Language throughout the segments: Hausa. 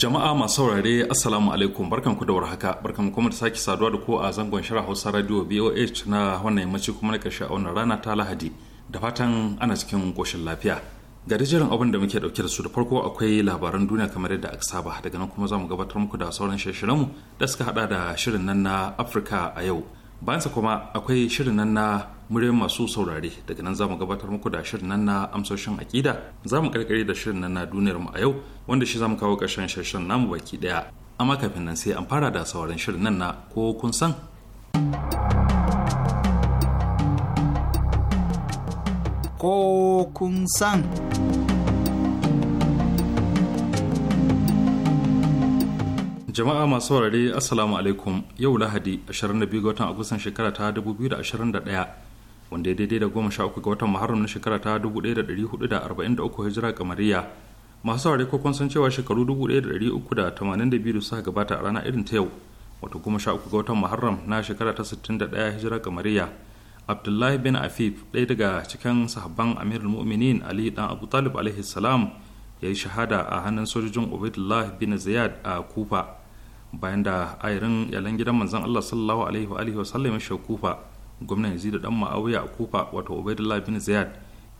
Jama'a masu saurare Assalamu alaikum ku da warhaka barkan kuma da sake saduwa da ku a zangon shirin Hausa Radio BOH na wannan yammaci kuma na karshe a wannan rana ta Lahadi da fatan ana cikin koshin lafiya. Ga jiran abin da muke dauke da su da farko akwai labaran duniya kamar yadda aka saba daga nan kuma za mu gabatar muku da sauran shirye-shiryenmu da suka hada da shirin nan na Afirka a yau. sa kuma akwai shirin nan na muryar masu saurare daga nan za mu gabatar muku da shirin nan na amsoshin aƙida za mu karkare da shirin nan na duniyar mu a yau wanda shi za mu kawo ƙarshen shirin namu baki ɗaya amma kafin nan sai an fara da sauran shirin nan na ko kun san ko kun san jama'a masu saurare assalamu alaikum yau lahadi 22 ga watan agustan shekara ta 2021 wanda ya daidai da goma sha uku ga watan muharram na shekara ta dubu da da da hudu arba'in uku hijira kamariya masu saurari ko kun san cewa shekaru dubu ɗaya da uku da suka gabata a rana irin ta yau wato goma sha uku ga watan muharram na shekara ta sittin da ɗaya hijira kamariya abdullahi bin afif ɗaya daga cikin sahabban amirul mu'minin ali dan abu talib alaihi salam ya yi shahada a hannun sojojin ubaidullah bin ziyad a kufa bayan da ayarin yalan gidan manzon allah sallallahu alaihi wa alihi wa sallam ya kufa gwamnan da dan ma'auya a kufa wato ubaidullah bin ziyad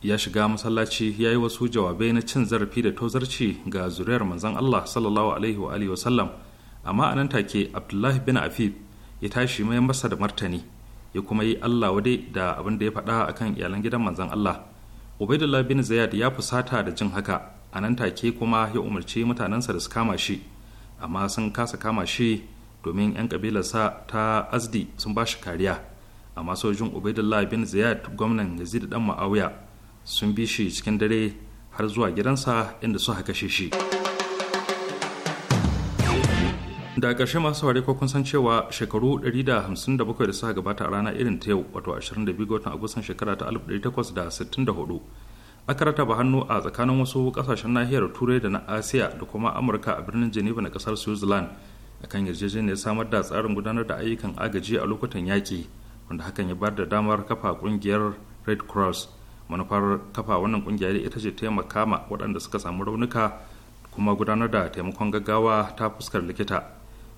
ya shiga masallaci ya yi wasu jawabai na cin zarafi da tozarci ga zuriyar manzon allah sallallahu alaihi wa alihi wasallam amma anan take abdullahi bin afif ya tashi mai masa da martani ya kuma yi allah wade da abin da ya faɗa akan iyalan gidan manzon allah ubaidullah bin ziyad ya fusata da jin haka a nan take kuma ya umarci mutanensa da su kama shi amma sun kasa kama shi domin 'yan kabilarsa ta azdi sun ba shi kariya amma sojin ubaidullah bin ziyad gwamnan yazid dan ma'auya sun bi shi cikin dare har zuwa gidansa inda suka kashe shi da ƙarshe masu saurari ko kun san cewa shekaru 157 da suka gabata a rana irin ta yau wato 22 ga watan agustan shekara ta 1864 aka rataba hannu a tsakanin wasu kasashen nahiyar turai da na asiya da kuma amurka a birnin geneva na ƙasar switzerland akan yarjejeniyar samar da tsarin gudanar da ayyukan agaji a lokutan yaƙi wanda hakan ya bar da damar kafa kungiyar red cross manufar kafa wannan kungiyar ita ce taimaka ma waɗanda suka samu raunuka kuma gudanar da taimakon gaggawa ta fuskar likita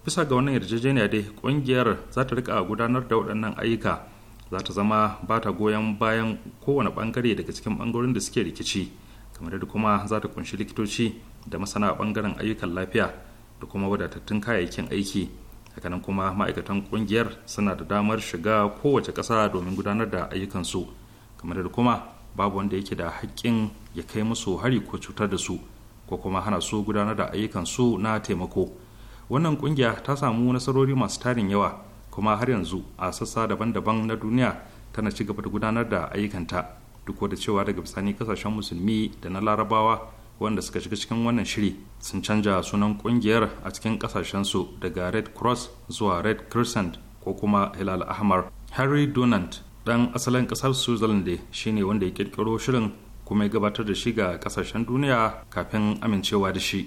bisa ga wannan yarjejeniya dai kungiyar za ta rika gudanar da waɗannan ayyuka za ta zama ba ta goyon bayan kowane bangare daga cikin bangarorin da suke rikici kamar da kuma za ta kunshi likitoci da masana bangaren ayyukan lafiya da kuma wadatattun kayayyakin aiki hakanan kuma ma'aikatan kungiyar suna da damar shiga kowace ƙasa domin gudanar da ayyukansu kamar da kuma babu wanda yake da haƙƙin ya kai musu hari ko cutar da su ko kuma hana su gudanar da ayyukansu na taimako wannan kungiya ta samu nasarori masu tarin yawa kuma har yanzu a sassa daban-daban na duniya tana ci gaba da gudanar da ayyukanta duk da cewa daga bisani kasashen musulmi da na larabawa wanda suka shiga cikin wannan shiri sun canja sunan kungiyar a cikin kasashensu daga red cross zuwa red crescent ko kuma hilal ahmar harry donant dan asalin kasar switzerland ne shine wanda ya kirkiro shirin kuma ya gabatar da shi ga kasashen duniya kafin amincewa da shi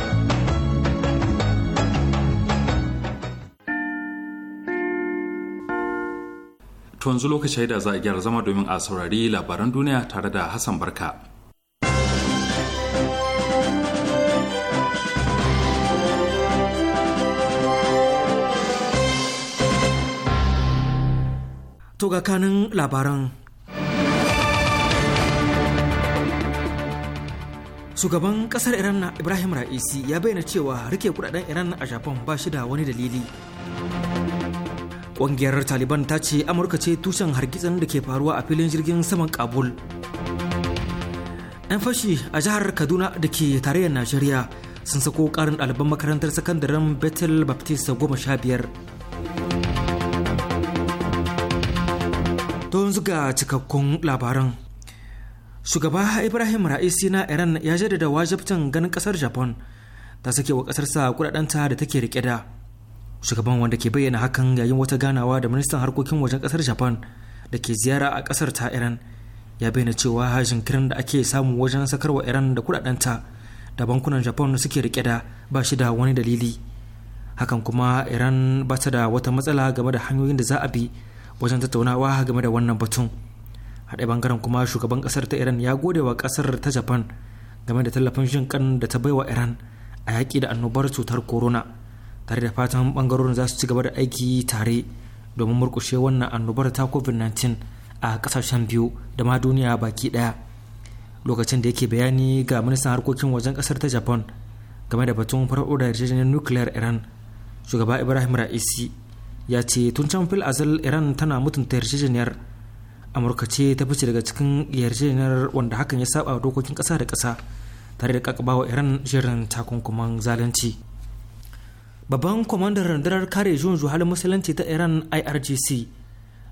To yanzu lokaci da za a gyara zama domin a saurari labaran duniya tare da Hassan Barka. To ga kanin labaran. Shugaban kasar Iran na Ibrahim Ra'isi ya bayyana cewa rike kudaden Iran a Japan ba shi da wani dalili. Ƙungiyar Taliban ta ce Amurka ce tushen hargitsin da ke faruwa a filin jirgin saman Kabul. 'Yan fashi a jihar Kaduna da ke tarayyar Najeriya sun sako karin ɗaliban makarantar sakandaren Bethel Baptist goma sha biyar. Don zuga cikakkun labaran. Shugaba Ibrahim Ra'isi na Iran ya jaddada wajibcin ganin kasar Japan ta sake wa ƙasarsa ta da take rike da. shugaban wanda ke bayyana hakan yayin wata ganawa da ministan harkokin wajen kasar japan da ke ziyara a kasar ta iran ya bayyana cewa hajin kiran da ake samu wajen sakarwa iran da kudadenta da bankunan japan suke rike da ba shi da wani dalili hakan kuma iran ba ta da wata matsala game da hanyoyin da za a bi wajen tattaunawa game da wannan batun haɗe bangaren kuma shugaban kasar ta iran ya gode wa kasar ta japan game da tallafin jin kan da ta baiwa iran a yaƙi da annobar cutar corona tare da fatan bangarorin za su ci gaba da aiki tare domin murkushe wannan annobar ta covid-19 a kasashen biyu da ma duniya baki daya lokacin da yake bayani ga ministan harkokin wajen kasar ta japan game da batun farko da yarjejeniyar nukiliyar iran shugaba ibrahim ra'isi ya ce tun can fil azal iran tana mutunta yarjejeniyar amurka ce ta fice daga cikin yarjejeniyar wanda hakan ya saba dokokin kasa da kasa tare da kakabawa iran shirin takunkuman zalunci babban kwamandan rundunar kare juyin juhalin musulunci ta iran irgc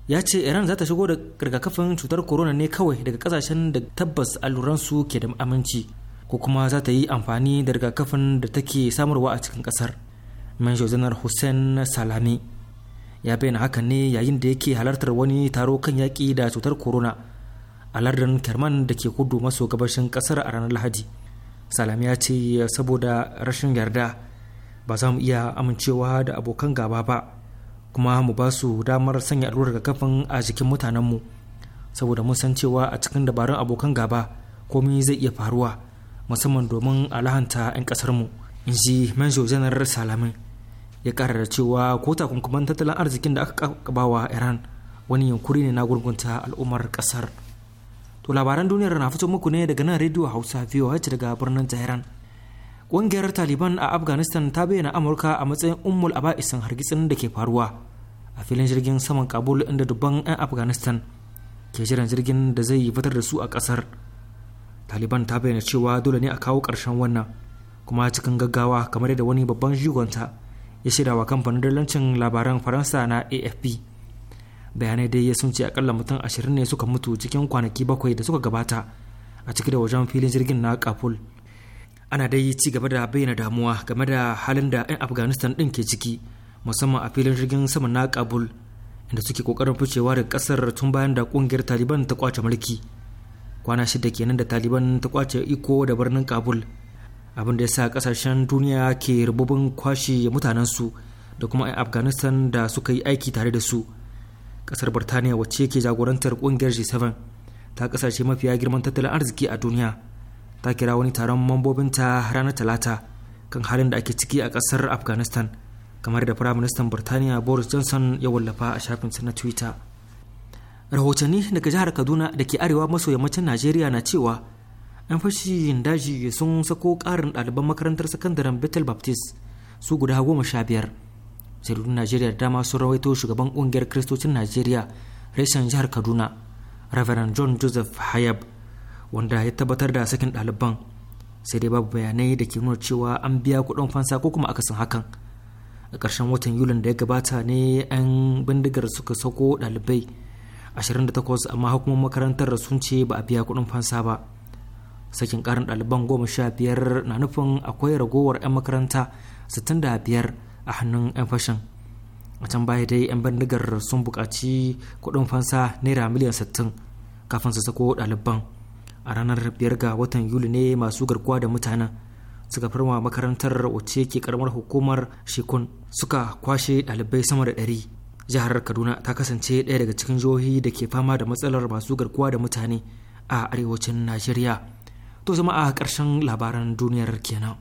ya ce iran za ta shigo da rigakafin cutar corona ne kawai daga kasashen da tabbas su ke da aminci ko kuma za ta yi amfani da rigakafin da take samarwa a cikin kasar manjo janar hussein salami ya bayyana haka ne yayin da yake halartar wani taro kan yaƙi da cutar corona a lardin kerman da ke kudu maso gabashin kasar a ranar lahadi salami ya ce saboda rashin yarda ba za mu iya amincewa da abokan gaba ba kuma mu ba su damar sanya allurar kafin a jikin mutanenmu saboda mun san cewa a cikin dabarun abokan gaba komai zai iya faruwa musamman domin a alahanta 'yan ƙasarmu in ji manjo janar salamin ya ƙara da cewa ko takunkuman tattalin arzikin da aka bawa iran wani yankuri ne na gurgunta al'ummar ƙasar to labaran duniyar na fito muku ne daga nan rediyo hausa voh daga birnin tehran ƙungiyar taliban a afghanistan ta bayyana amurka a matsayin ummul aba'isin hargitsin da ke faruwa a filin jirgin saman kabul inda dubban 'yan afghanistan ke jiran jirgin da zai fitar da su a ƙasar taliban ta bayyana cewa dole ne a kawo ƙarshen wannan kuma cikin gaggawa kamar yadda wani babban jigonta ya shaida wa kamfanin dalancin labaran faransa na afp bayanai dai ya sun ce akalla mutum ashirin ne suka mutu cikin kwanaki bakwai da suka gabata a cike da wajen filin jirgin na kabul ana dai ci gaba da bayyana damuwa game da halin da 'yan afghanistan din ke ciki musamman a filin jirgin sama na kabul inda suke kokarin ficewa daga kasar tun bayan da kungiyar taliban ta kwace mulki kwana shida kenan da taliban ta kwace iko da birnin kabul abin da ya sa kasashen duniya ke rububin kwashe mutanensu da kuma 'yan afghanistan da suka yi aiki tare da su kasar birtaniya wacce ke jagorantar kungiyar g7 ta kasashe mafiya girman tattalin arziki a duniya ta kira wani taron mambobin ta ranar talata kan halin da ake ciki a kasar afghanistan kamar da firaministan birtaniya boris johnson ya wallafa a shafinsa na twitter rahotanni daga jihar kaduna da ke arewa maso yammacin najeriya na cewa yan fashin daji sun sako karin ɗaliban makarantar sakandaren betel baptist su guda goma sha biyar jaridun najeriya da dama sun rawaito shugaban ƙungiyar kiristocin najeriya reshen jihar kaduna reverend john joseph hayab wanda ya tabbatar da sakin ɗaliban sai dai babu bayanai da ke nuna cewa an biya kuɗin fansa ko kuma akasin hakan a ƙarshen watan yulin da ya gabata ne 'yan bindigar suka sako ɗalibai 28 amma hukumar makarantar sun ce ba a biya kuɗin fansa ba sakin ƙarin ɗaliban goma sha biyar na nufin akwai ragowar 'yan makaranta 65 a hannun 'yan fashin a can baya dai 'yan bindigar sun buƙaci kuɗin fansa naira miliyan 60 kafin su sako ɗaliban a ranar biyar ga watan yuli ne masu garkuwa da mutanen suka farma makarantar wacce ke karamar hukumar shekun suka kwashe ɗalibai sama da ɗari jihar kaduna ta kasance ɗaya daga cikin jihohi da ke fama da matsalar masu garkuwa da mutane a arewacin najeriya to zama a ƙarshen labaran duniyar kenan.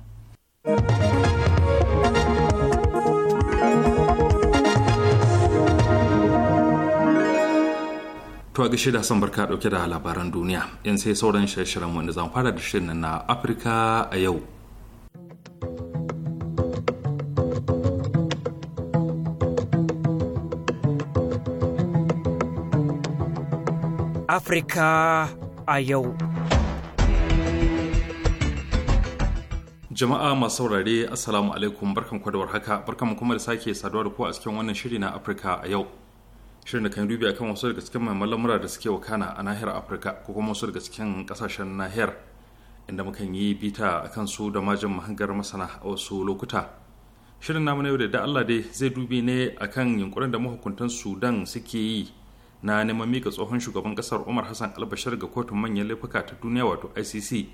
To a gashi da son barka dauke da labaran duniya. Yan sai sauran shirye wanda zan fara da shirin na Afirka a yau. Afirka a yau. Jama'a masu saurare Assalamu alaikum barkan kwadawar haka, barkan kuma da sake saduwa da ku a cikin wannan shiri na Afirka a yau. shirin da kan dubi akan wasu daga cikin maimakon da suke wakana a nahiyar afirka ko kuma wasu daga cikin kasashen nahiyar inda mukan yi bita kan su da majin mahangar masana a wasu lokuta shirin namu na yau da Allah dai zai dubi ne akan yunkurin da mahukuntan sudan suke yi na neman mika tsohon shugaban kasar umar hassan albashir ga kotun manyan laifuka ta duniya wato icc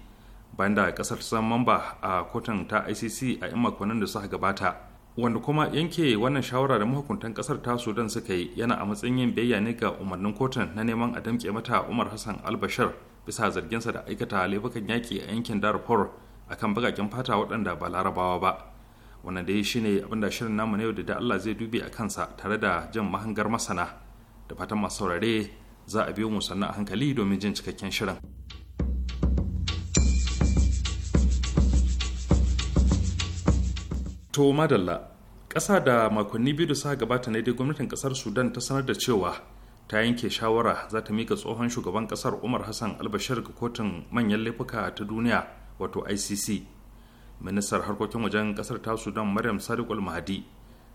bayan da kasar ta zama mamba a kotun ta icc a 'yan makonnin da suka gabata wanda kuma yanke wannan shawara da mahukuntan kasar ta sudan suka yi yana a matsayin yin biyayya ne ga umarnin kotun na neman a damƙe mata umar hassan albashir bisa zarginsa da aikata laifukan yaƙi a yankin darfur akan bakakin fata waɗanda ba larabawa ba wannan dai shine abin da shirin namu na yau da da allah zai dubi a kansa tare da jan mahangar masana da fatan masu saurare za a biyo mu sannan a hankali domin jin cikakken shirin. to madalla ƙasa da makonni biyu da suka gabata ne dai gwamnatin ƙasar sudan ta sanar da cewa ta yanke shawara za ta mika tsohon shugaban ƙasar umar hassan albashir ga kotun manyan laifuka ta duniya wato icc ministar harkokin wajen ƙasar ta sudan maryam sadiqul mahadi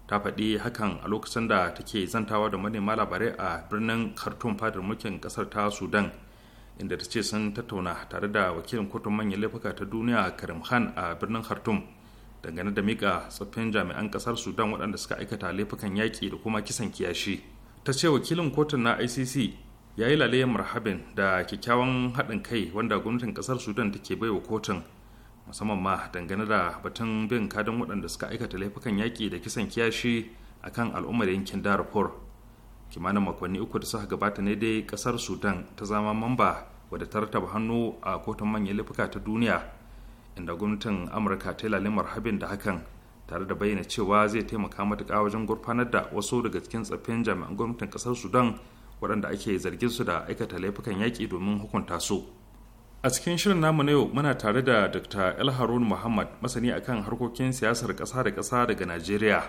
ta faɗi hakan a lokacin da take zantawa da manema labarai a birnin khartoum fadar mulkin ƙasar ta sudan inda ta ce sun tattauna tare da wakilin kotun manyan laifuka ta duniya karim khan a birnin khartoum dangane da mika tsoffin jami'an ƙasar sudan waɗanda suka aikata laifukan yaƙi da kuma kisan kiyashi ta ce wakilin kotun na icc ya yi lalayen marhabin da kyakkyawan haɗin kai wanda gwamnatin ƙasar sudan take bai wa kotun musamman ma dangane da batun bin kadin waɗanda suka aikata laifukan yaƙi da kisan kiyashi a kan al'ummar yankin darfur kimanin makonni uku da suka gabata ne dai ƙasar sudan ta zama mamba wadda ta rataba hannu a kotun manyan laifuka ta duniya inda gwamnatin amurka ta yi marhabin da hakan tare da bayyana cewa zai taimaka matuƙa wajen gurfanar da wasu daga cikin tsaffin jami'an gwamnatin ƙasar sudan waɗanda ake zargin su da aikata laifukan yaƙi domin hukunta su a cikin shirin namu na yau muna tare da dr el muhammad masani akan harkokin siyasar ƙasa da ƙasa daga najeriya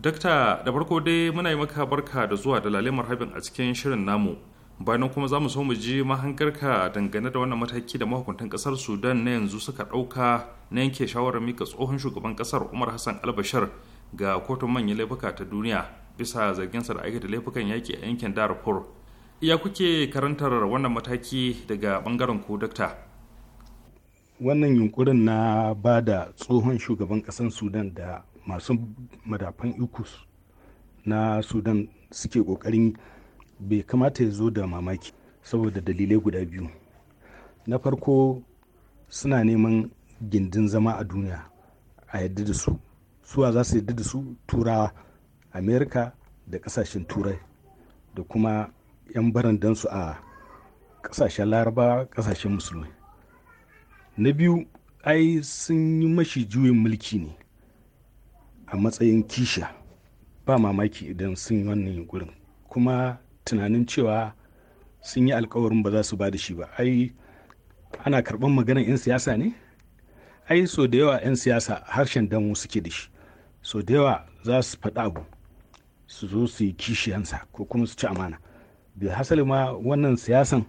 Dr. da farko dai muna yi maka barka da zuwa da lalimar habin a cikin shirin namu bayan kuma za mu so mu ji mahangarka dangane da wannan mataki da mahukuntan kasar sudan na yanzu suka ɗauka na yanke shawarar mika tsohon shugaban kasar umar hassan albashar ga kotun manyan laifuka ta duniya bisa zarginsa da aikata laifukan yaƙi a yankin darfur iya kuke karantar wannan mataki daga bangaren ku dakta wannan yunkurin na ba da tsohon shugaban kasar sudan da masu madafan ikus na sudan suke ƙoƙarin bai kamata ya zo da mamaki saboda dalilai guda biyu na farko suna neman gindin zama a duniya a yadda da su suwa za su yadda da su turawa amerika da kasashen turai da kuma 'yan barandansu a kasashen laraba kasashen musulmi na biyu ai sun yi mashi juyin mulki ne a matsayin kisha ba mamaki idan sun yi wannan yunkurin kuma tunanin cewa sun yi alkawarin ba za su ba da shi ba ai ana karɓar maganar 'yan siyasa ne ai so da yawa 'yan siyasa harshen damu suke da shi so da yawa za su faɗa abu su zo su yi kishiyansa ko kuma su ci amana bi hasali ma wannan siyasan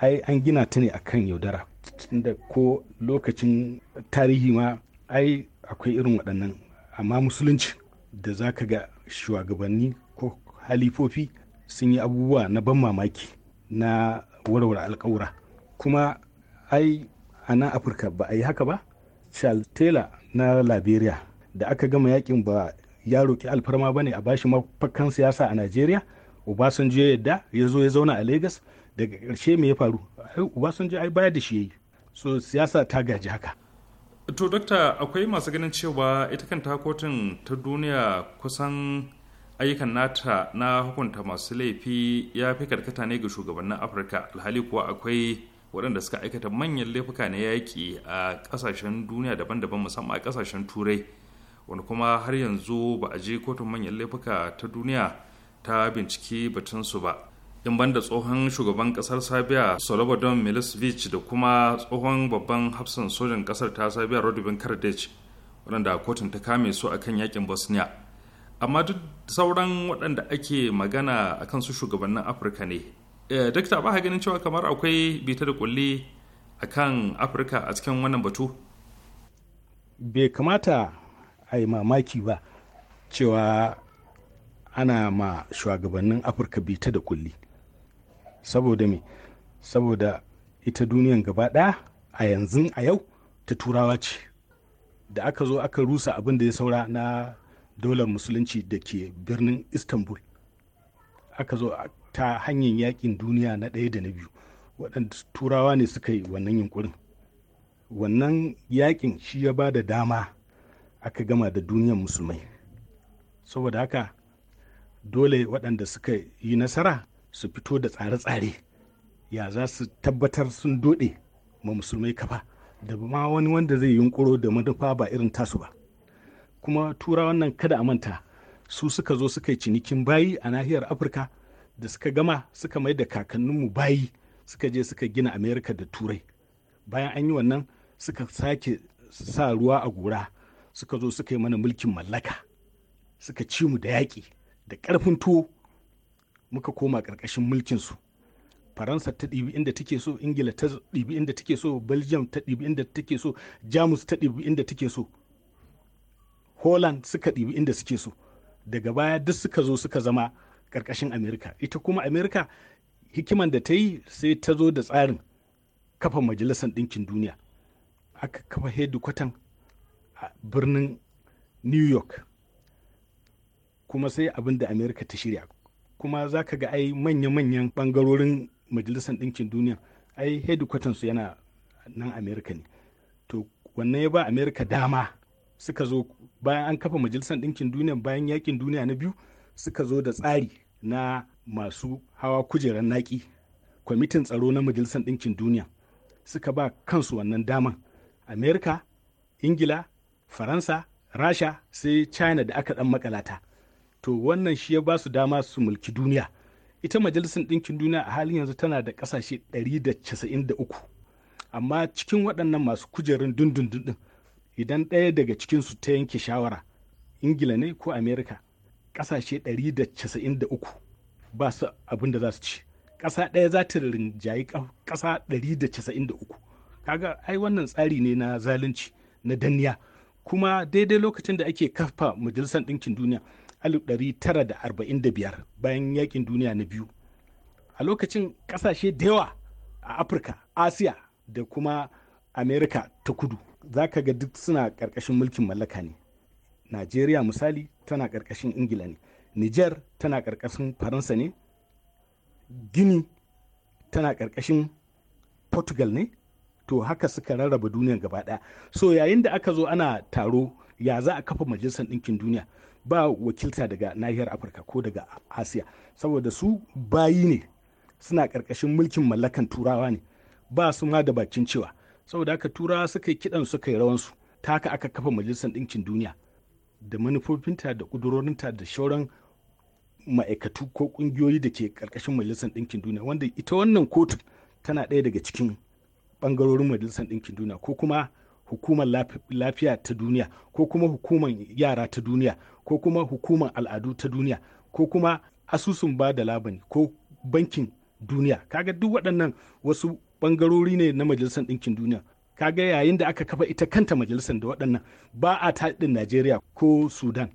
ai an gina ta ne akan yaudara inda ko lokacin tarihi ma ai akwai irin waɗannan amma musulunci da za ka ga shugabanni ko halifofi sun yi abubuwa na ban mamaki na warware alkawura kuma ai a nan afirka ba a yi haka ba charles taylor na liberia da aka gama yakin ba ya roƙi alfarma ba ne a bashi mafakan siyasa a najeriya obasanjo ya yadda ya zo ya zauna a lagos daga ƙarshe me ya faru obasanjo ai baya da shi ya yi so siyasa ta gaji haka to dokta akwai masu ganin cewa ita kanta kotun ta duniya kusan ayyukan nata na hukunta masu laifi ya fi karkata ne ga shugabannin afirka alhali kuwa akwai waɗanda suka aikata manyan laifuka na yaƙi a ƙasashen duniya daban-daban musamman a ƙasashen turai wani kuma har yanzu ba a je kotun manyan laifuka ta duniya ta binciki batunsu ba in da tsohon shugaban kasar sabiya solobodon milosevic da kuma tsohon babban hafsan sojan ƙasar ta sabiya rodobin kardec waɗanda kotun ta kame su akan yakin bosnia amma duk sauran waɗanda ake magana a kansu shugabannin afirka ne eh, dakta ba ganin cewa kamar akwai bita da kulle a kan afirka a cikin wannan batu bai kamata a yi mamaki ba cewa ana ma shugabannin afirka bita da kulle saboda me saboda ita duniyan gaba ɗaya a yanzu a yau ta turawa ce da aka zo aka rusa abin da ya saura na daular musulunci da ke birnin istanbul aka zo ta hanyar yakin duniya na ɗaya da na biyu waɗanda turawa ne suka yi wannan yunkurin wannan yakin shi ya ba da dama aka gama da duniyar musulmai saboda haka dole waɗanda suka yi nasara su fito da tsare-tsare ya za su tabbatar sun doɗe ma musulmai kafa da ma wani wanda zai yunkuro da manufa ba irin tasu ba kuma turawan nan kada a manta su suka zo suka yi cinikin bayi a nahiyar afirka da suka gama suka mai da kakanninmu bayi suka je suka gina amerika da turai bayan an yi wannan suka sake sa ruwa a gora suka zo suka yi mana mulkin mallaka suka ci mu da yaƙi da ƙarfin tuwo muka koma ƙarƙashin mulkinsu faransa ta ɗibi inda take so ingila ta ɗibi inda take so belgium ta ɗibi inda take so jamus ta ɗibi inda take so holland suka ɗibi inda suke so daga baya duk suka zo suka zama ƙarƙashin amerika ita kuma amerika hikiman da ta yi sai ta zo da tsarin kafa majalisar ɗinkin duniya aka kafa hedikwatan a birnin new york kuma sai abin da amerika ta shirya kuma za ka ga ai manya-manyan bangarorin majalisar ɗinkin duniya ai su yana nan amerika ne to wannan ya ba amerika dama suka zo bayan an kafa majalisar ɗinkin duniya bayan yakin duniya na biyu suka zo da tsari na masu hawa kujeran naki kwamitin tsaro na majalisar ɗinkin duniya suka ba kansu wannan daman amerika ingila faransa rasha sai china da aka ɗan makalata to wannan shi ya ba su dama su mulki duniya ita majalisar ɗinkin duniya a halin yanzu tana da ƙasashe 193 amma cikin waɗannan masu kujerun dundundun idan ɗaya daga cikinsu ta yanke shawara ingila ne ko amerika ƙasashe 193 ba su abin da za su ci ƙasa ɗaya za ta rinjayi ƙasa 193 kaga ai wannan tsari ne na zalunci na danniya kuma daidai lokacin da ake kafa majalisar ɗinkin duniya 1945 bayan yakin duniya na biyu a lokacin ƙasashe da yawa a afirka asiya da kuma amerika ta kudu za ka ga duk suna ƙarƙashin mulkin mallaka ne najeriya misali tana ƙarƙashin ingila ne niger tana ƙarƙashin faransa ne gini tana ƙarƙashin portugal ne to haka suka rarraba duniyar gaba ɗaya so yayin da aka zo ana taro ya za a kafa majalisar ɗinkin duniya ba wakilta daga nahiyar afirka ko daga asiya saboda su bayi ne suna ƙarƙashin mulkin mallakan turawa ne ba su ma da bakin cewa saboda haka tura suka yi kiɗan suka yi rawansu ta haka aka kafa majalisar ɗinkin duniya da manufofinta da ƙudurorinta da shauran ma'aikatu ko ƙungiyoyi da ke ƙarƙashin majalisar ɗinkin duniya wanda ita wannan kotu tana ɗaya daga cikin ɓangarorin majalisar ɗinkin duniya ko kuma hukumar lafiya ta duniya ko kuma hukumar yara ta duniya ko kuma hukumar al'adu ta duniya ko kuma asusun ba da labani ko bankin duniya kaga duk waɗannan wasu bangarori ne na majalisar ɗinkin duniya kaga yayin da aka kafa ita kanta majalisar da waɗannan ba a taɗin najeriya ko sudan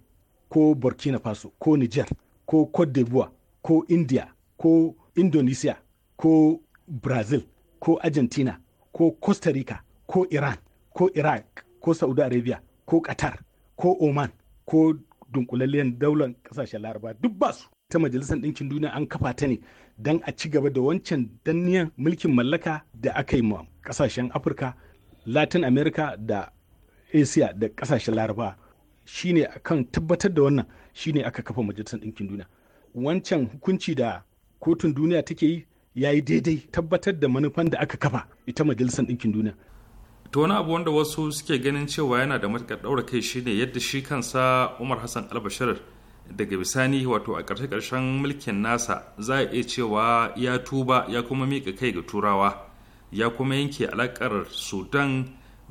ko burkina faso ko niger ko cote d'ivoire ko india ko indonesia ko brazil ko argentina ko costa rica ko iran ko iraq ko saudi arabia ko qatar ko oman ko dunkulalliyar daular kasashen laraba duk ba su ta majalisar ɗinkin duniya an kafa ta ne don a ci gaba da wancan danniyan mulkin mallaka da aka yi ma kasashen afirka latin america da asia da kasashen laraba shine akan tabbatar da wannan shine aka kafa majalisar ɗinkin duniya wancan hukunci da kotun duniya take yi ya yi daidai tabbatar da manufan da aka kafa ita majalisar ɗinkin duniya to wani abu wanda wasu suke ganin cewa yana da matuƙar ɗaura kai shine yadda shi kansa umar hassan albashir daga bisani wato a ƙarshe ƙarshen mulkin nasa za a iya cewa ya tuba ya kuma miƙa kai ga turawa ya kuma yanke alaƙar sudan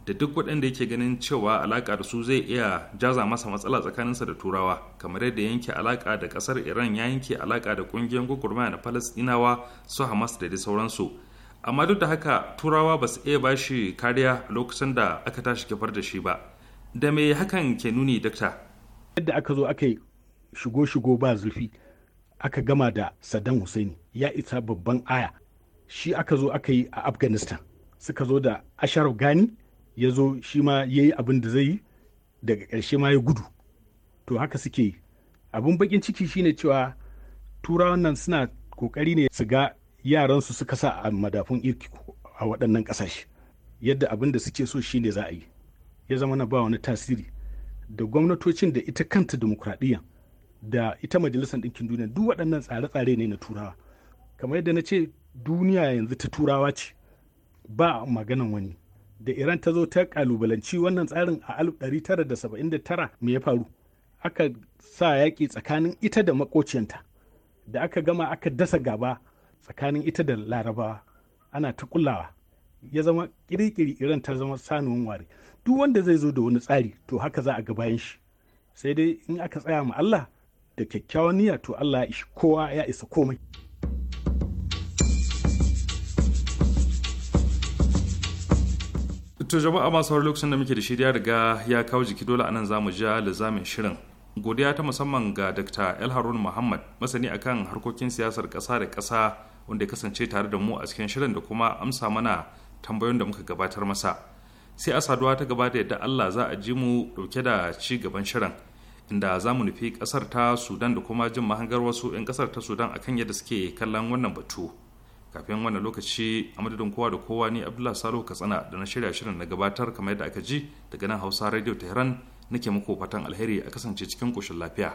da duk waɗanda yake ganin cewa alaƙa da su zai iya jaza masa matsala tsakaninsa da turawa kamar yadda yanke alaƙa da ƙasar iran ya yanke alaƙa da ƙungiyar gwagwarmaya na falastinawa su hamas da dai sauransu amma duk da haka turawa ba su iya ba shi kariya lokacin da aka tashi kifar da shi ba da me hakan ke nuni dakta yadda aka zo aka yi shigo-shigo ba zurfi aka gama da saddam husaini ya isa babban aya shi aka zo aka yi a afghanistan suka zo da asharaf gani ya zo shi ma ya yi abin da zai yi daga ƙarshe ma ya gudu to haka suke yi abin bakin ciki shine cewa turawan nan suna kokari ne su ga yaransu suka sa a madafun irki a waɗannan ƙasashe yadda abin da suke so shine za a yi ya zama na ba wani tasiri da gwamnatocin da ita kanta dimokuraɗiyya da ita majalisar ɗinkin duniya duk waɗannan tsare-tsare ne na turawa kamar yadda na ce duniya yanzu ta turawa ce ba maganan wani da iran ta zo ta kalubalanci wannan tsarin a 1979 me ya faru aka sa yaƙi tsakanin ita da makociyanta da aka gama aka dasa gaba tsakanin ita da larabawa ana ta kullawa ya zama kirikiri iran ta zama sanuwan ware duk wanda zai zo da wani tsari to haka za a ga bayan shi sai dai in aka tsaya ma allah da kyakkyawan niyya to Allah ya ishi kowa ya isa komai to jama'a masu har lokacin da muke da shi riga ya kawo jiki dole anan zamu ja lizamin shirin godiya ta musamman ga dr el harun muhammad masani akan harkokin siyasar ƙasa da ƙasa wanda ya kasance tare da mu a cikin shirin da kuma amsa mana tambayoyin da muka gabatar masa sai a saduwa ta gaba da yadda allah za a ji mu ɗauke da ci gaban shirin inda za mu nufi kasar ta sudan da kuma jin mahangar wasu 'yan kasar ta sudan akan yadda suke kallon wannan batu kafin wannan lokaci a madadin kowa da kowa ne abdullahi salo katsina da na shirya shirin na gabatar kamar yadda aka ji daga nan hausa radio tehran nake muku fatan alheri a kasance cikin koshin lafiya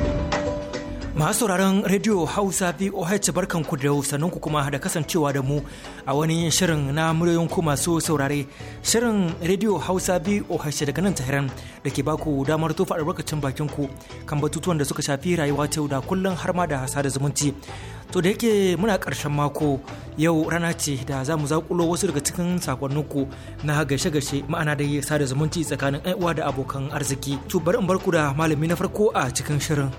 Masu sauraron Radio Hausa VOH barkanku da sannan ku kuma da kasancewa da mu a wani shirin na muryoyin ku masu saurare. Shirin Radio Hausa VOH daga nan Tahiran da ke baku damar tofa albarkacin bakin ku kan batutuwan da suka shafi rayuwa ta da kullum har ma da sada zumunci. To da yake muna karshen mako yau rana ce da za mu zakulo wasu daga cikin ku na gashe-gashe ma'ana da sada zumunci tsakanin uwa da abokan arziki. To bari in barku da malami na farko a cikin shirin.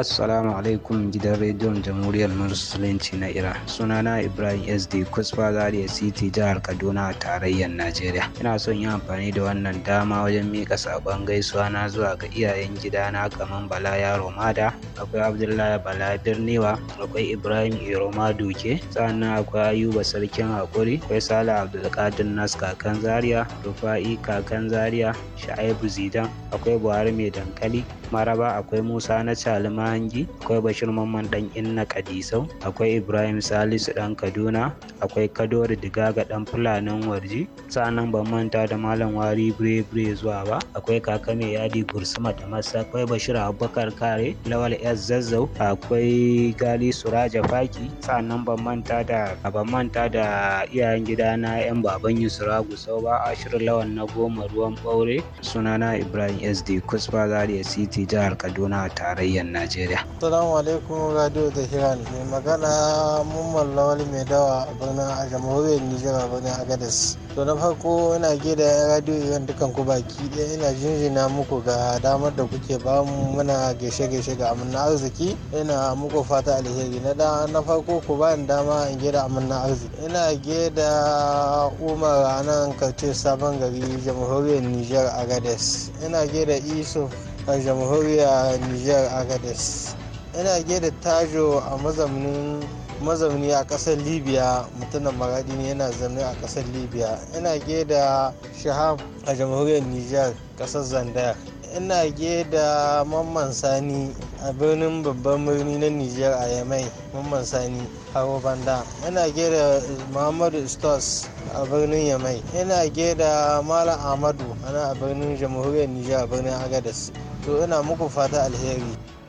assalamu alaikum gidan rediyon jamhuriyar musulunci na iran sunana ibrahim sd kusfa zaria city jihar kaduna a tarayyar najeriya ina son yin amfani da wannan dama wajen miƙa sabon gaisuwa na zuwa ga iyayen gidana kamar bala yaro mada akwai abdullahi bala birniwa akwai ibrahim iroma duke sannan akwai ayuba sarkin hakuri akwai Sale abdulkadir nas kakan zaria rufa'i kakan zaria sha'ibu zidan akwai buhari mai dankali maraba akwai musa na calima Mahangi, akwai Bashir Mamman ɗan Inna Kadisau, akwai Ibrahim Salisu ɗan Kaduna, akwai Kadori Digaga dan Fulanin Warji, sa'annan ban manta da Malam Wari Bire zuwa ba, akwai Kaka Mai Yadi Gursuma da Masa, akwai Bashir Abubakar Kare, Lawal S Zazzau, akwai Gali Suraja Faki, sa'annan ban manta da ban manta da iyayen gida na 'yan baban Yusra Gusau ba, shirin Lawan na goma ruwan ɓaure, sunana Ibrahim SD Kusfa Zaria City jihar Kaduna tarayyar Najeriya. Najeriya. Assalamu alaikum radio da Hiran mai magana mun lawal mai dawa a birnin a jamhuriyar Nijar a birnin Agadez. To na farko ina gida yan radio Iran dukan ku baki ɗaya ina jinjina muku ga damar da kuke ba mu muna gaishe-gaishe ga amanna arziki ina muku fata alheri na da na farko ku ba ni dama in gida amanna arziki ina gida Umar a nan Sabon Gari jamhuriyar Nijar Agadez ina gida Isuf a jamhuriyar niger agades ina gida tajo a mazaunin mazauni a kasar libya mutumin maradi ne yana zaune a kasar libya ina gida shahab a jamhuriyar niger kasar zandar ina gaida mamman sani a birnin babban birni na niger a yamai mamman sani haro banda ina gaida muhammadu stars a birnin yamai ina gaida malam amadu ana a birnin jamhuriyar niger a birnin agadas to ina muku fata alheri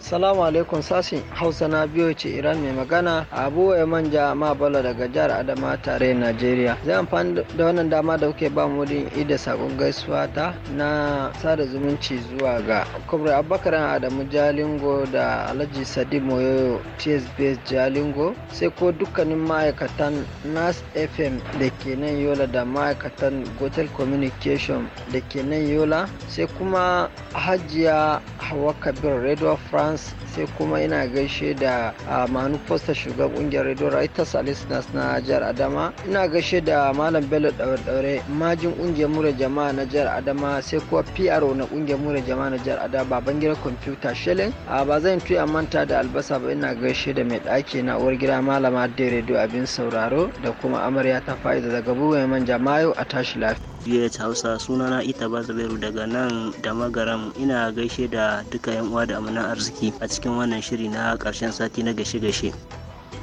Salamu alaikum sashin Hausa na biyo ce Iran mai magana Abu ya manja ma bala daga jihar Adama tare Najeriya. Zai amfani da wannan dama da kuke ba mu din ida sakon gaisuwa ta na sada zumunci zuwa ga Kubra Abubakar Adamu Jalingo da Alhaji Sadi Moyo TS Base Jalingo sai ko dukkanin ma'aikatan Nas FM da ke nan Yola da ma'aikatan Gotel Communication da ke nan Yola sai kuma Hajiya Hawa Kabir Radio France Alliance sai kuma ina gaishe da manu fosta shugaban kungiyar radio writers listeners na jihar adama ina gaishe da malam bello daure majin kungiyar mura jama'a na jihar adama sai kuma pro na kungiyar mura jama'a na jihar adama baban gidan kwamfuta shelin a ba zan tuya manta da albasa ba ina gaishe da mai ɗaki na uwar gida malama da radio abin sauraro da kuma amarya ta fa'ida daga bugun manja mayo a tashi lafiya VH Hausa sunana Ita Bazaberu daga nan da magaram ina gaishe da duka yan uwa da amanan arziki a cikin wannan shiri na ƙarshen sati na gashe-gashe.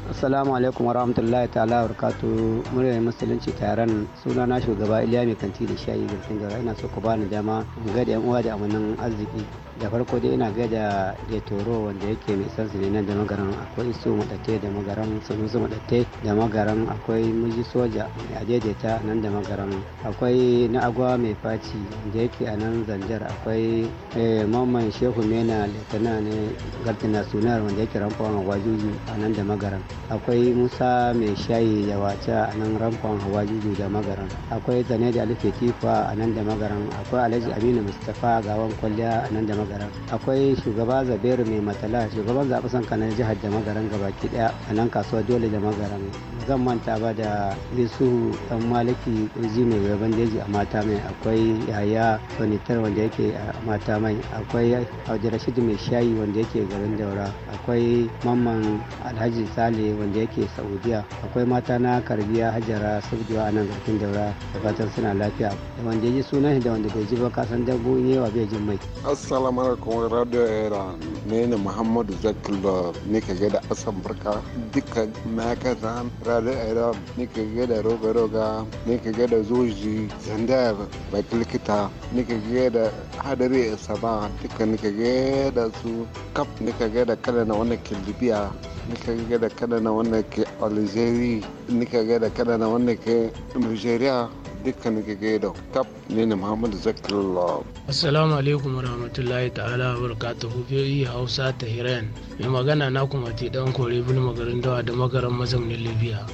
assalamu alaikum wa rahmatullahi ta'ala wa barakatu ne musulunci taron suna na shugaba iliya mai kanti da shayi garkin gara ina so ku bani dama in gaida yan uwa da amanan arziki da farko dai ina ga da toro wanda yake mai san ne nan da magaran akwai su madatte da magaran musu madatte da magaran akwai miji soja mai adaidaita nan da magaran akwai na agwa mai faci da yake a nan zanjar akwai eh, mamman shehu mena litana ne gartina sunar wanda yake ramfawa gwajuju a nan da magaran akwai musa mai shayi da wace a nan ramfon hawa juju da magaran akwai zane da ke kifa a nan da magaran akwai alhaji aminu mustapha gawan kwalliya a nan da magaran akwai shugaba zabiru mai matala shugaban zaɓen kana jihar da magaran gabaki daya a nan kasuwa dole da magaran zan manta ba da yusufu dan maliki kurji mai gaban deji a mata mai akwai yaya sonitar wanda yake a mata mai akwai abdurrashid mai shayi wanda yake garin daura akwai mamman alhaji sali ne wanda yake saudiya akwai mata na karbiya hajara sabjewa a nan garkin daura da fatan suna lafiya da wanda ya ji sunan da wanda bai ji ba san dabbo ne wa bai jin mai assalamu alaikum radio era ne ne muhammadu zakilba ne ka gaida asan barka duka na kaza radio era ne ka gaida roga roga ne ka da zoji zandar bai likita ne ka da hadari saba duka ne ka da su kaf ne ka da kala na wannan kilibiya nika ga da kada na wanda ke algeria nika ga da kada na wanda ke nigeria ga da kap ne na muhammadu zakirullah assalamu alaikum warahmatullahi ta'ala barakatuhu hausa ta hiran mai magana na kuma ti dan kore bin magarin dawa da magaran mazaunin libya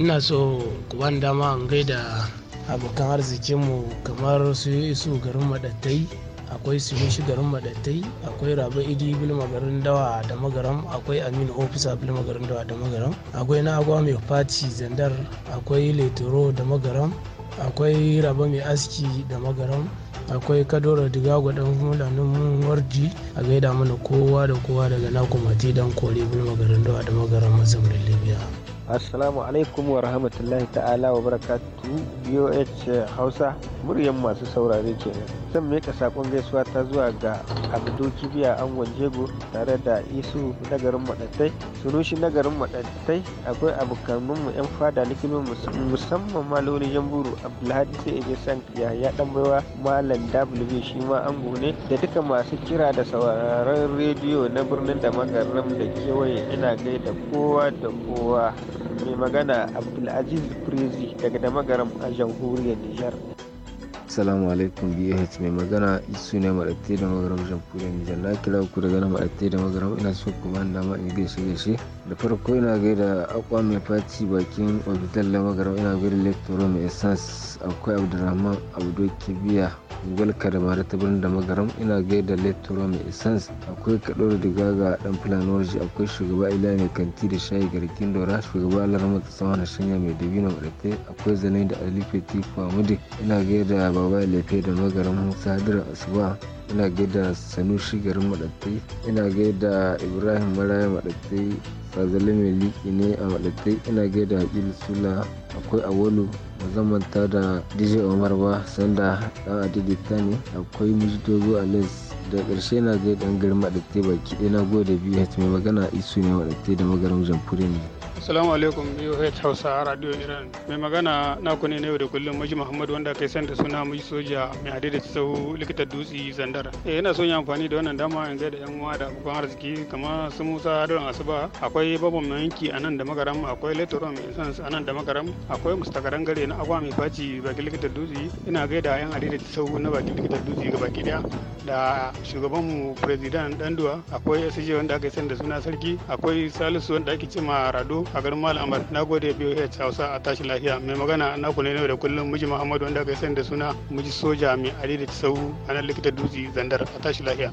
ina so ku ban dama an gaida abokan arzikinmu kamar su isu garin madattai akwai sunushi garin madattai akwai raba idi bilma garin dawa da magaram akwai aminu ofisa bilma garin dawa da magaram akwai na agwa mai faci zandar akwai leturo da magaram akwai raba mai aski da magaram akwai kadora diga gwadon hulanin warji a gaida mana kowa da kowa daga nakumati don kore bilma garin dawa da magaram mazaunin libya assalamu alaikum wa rahmatullahi ta'ala wa barakatu boh eh, hausa muryan masu saurare kenan zan mika sakon gaisuwa ta zuwa ga abdu kibiya angon jego tare da isu na garin madattai shi na garin madattai akwai abokanmu mu yan fada likimin musamman maloli jamburu abdulhadi sai ya san yahaya dan baiwa malam w shi ma ango ne da duka masu kira da sauraron rediyo na birnin da magarin da kewaye ina gaida kowa da kowa mai magana abdulaziz prezi daga damagaram a jamhuriyar nijar salamu alaikum BH mai magana isu ne maɗatte da magaram jamhuriyar Nijar na kira ku daga na maɗatte da magaram ina so kuma na dama in gaishe gaishe da farko ina gaida akwa mai faci bakin ofital da magaram ina gaida lektoro mai essence akwai abdulrahman abdoki Abubakar da Mara ta birnin da Magaram ina gaida Lettoro mai Essence akwai Kadoro Diga ga dan Fulani akwai shugaba Ila mai kanti da shayi garkin Dora shugaba Larama ta sama da shanya mai dabino Madatte akwai Zane da Ali Feti Kwamudi ina gaida Baba Lefe da Magaram Musa Hadira Asuba ina gaida sanushi garin madattai ina gaida ibrahim maraya madattai fazali mai liki ne a madattai ina gaida haƙil sula akwai awolu ba zan da dj omar ba sanda ɗan ta ne akwai mujidogo alex da karshe na gaida dan garin madattai baki ɗaya na gode biyu mai magana isu ne madattai da magaram jamhuriyar ne Assalamu alaikum BOH Hausa Radio Iran. Mai magana na ku ne na yau da kullum Maji Muhammad wanda kai san da suna Maji Soja mai hade da tsawo likitar dutse Zandara. Eh ina son yi amfani da wannan dama in gaida yan uwa da abokan arziki kamar su Musa Harunan Asuba, akwai Babban Mayanki a nan da Magaram, akwai Letoro mai sans a nan da Magaram, akwai Mustakaran Gare na Agwa mai faci baki likitar dutse. Ina gaida yan hade da tsawo na baki likitar dutse ga baki daya da shugabanmu President Danduwa, akwai SJ wanda aka san da suna Sarki, akwai Salisu wanda ake ce ma Rado, a garin malam amar na gode biyu ya hausa a tashi lafiya mai magana na kula ne da kullum miji muhammadu wanda aka sani da suna miji soja mai ali da sau a nan likita dutse zandar a tashi lafiya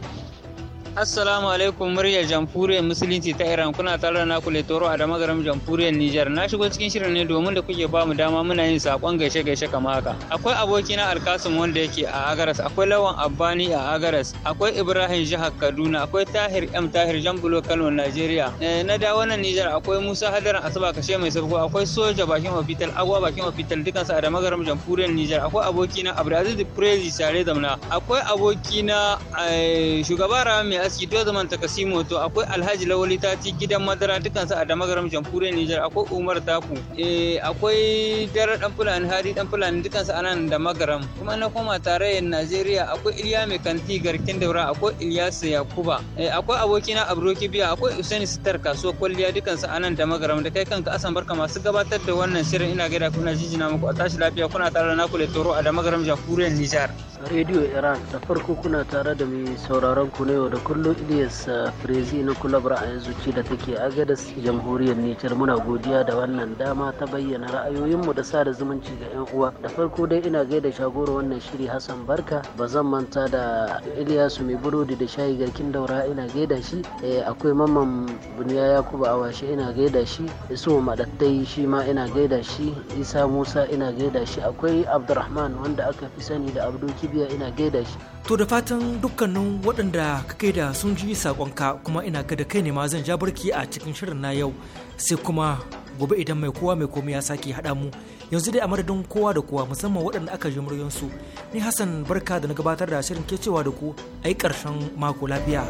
Assalamu alaikum muryar jamhuriyar musulunci ta Iran kuna tare na kule toro a damagaram jamhuriyar Nijar na shigo cikin shirin ne domin da kuke ba mu dama muna yin sakon gaishe gaishe kamar haka akwai abokina Alkasim wanda yake a Agaras akwai Lawan Abbani a Agaras akwai Ibrahim Jihar Kaduna akwai Tahir M Tahir Jambulo Kano Najeriya eh, na dawo nan Nijar akwai Musa Hadaran asaba kashe mai sabgo akwai Soja bakin hospital Agwa bakin ofital dukansu a damagaram jamhuriyar Nijar akwai abokina Abdulaziz Prezi Sare Zamna akwai na eh, shugaba Rami aski to zaman ta kasimo to akwai alhaji lawali ta ci gidan madara dukansu a damagaram jamhuriyar nijar akwai umar taku eh, akwai dare dan fulani hari dan fulani dukansu anan da magaram kuma na koma tarayyar najeriya akwai iliya mai kanti garkin daura akwai ilyasu yakuba eh, akwai abokina abroki biya akwai usaini sitar kasuwa kwalliya dukansu anan da magaram da kai kanka asan barka masu gabatar da wannan shirin ina gaida kuna jijina muku a tashi lafiya kuna tare da naku da toro a da magaram jamhuriyar nijar radio iran da farko kuna tare da mai sauraron ku na yau da kullum Ilyas uh, Frezi na a yanzu ce da take Agadas Jamhuriyar Nijar muna godiya da wannan dama ta bayyana ra'ayoyinmu da sada zumunci ga 'yan uwa. Da farko dai ina gaida shagoro wannan shiri Hassan Barka ba zan manta da Ilyas mai burodi da shayi garkin daura ina gaida shi eh, akwai mamman Buniya Yakubu awashe ina gaida shi Isu Madattai shi ma ina gaida shi Isa Musa ina gaida shi akwai Abdurrahman wanda aka fi sani da Abdul Kibiya ina gaida shi. To da fatan dukkanin waɗanda ka da da sun ji saƙonka kuma ina ga da kai ne ma zan ja barki a cikin shirin na yau sai kuma gobe idan mai kowa mai komai ya sake haɗa mu yanzu dai a madadin kowa da kowa musamman waɗanda aka ji muryansu ni hassan barka da na gabatar da shirin ke cewa da ku a yi ƙarshen mako lafiya.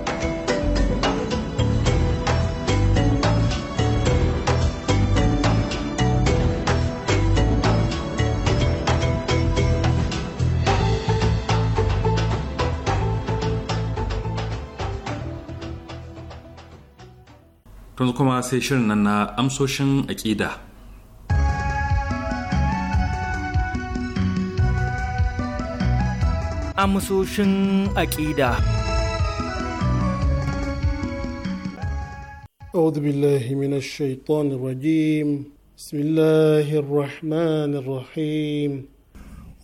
yanzu kuma sai shirin nan na amsoshin aƙida. Amsoshin aƙida. أعوذ بالله من الشيطان الرجيم بسم الله الرحمن الرحيم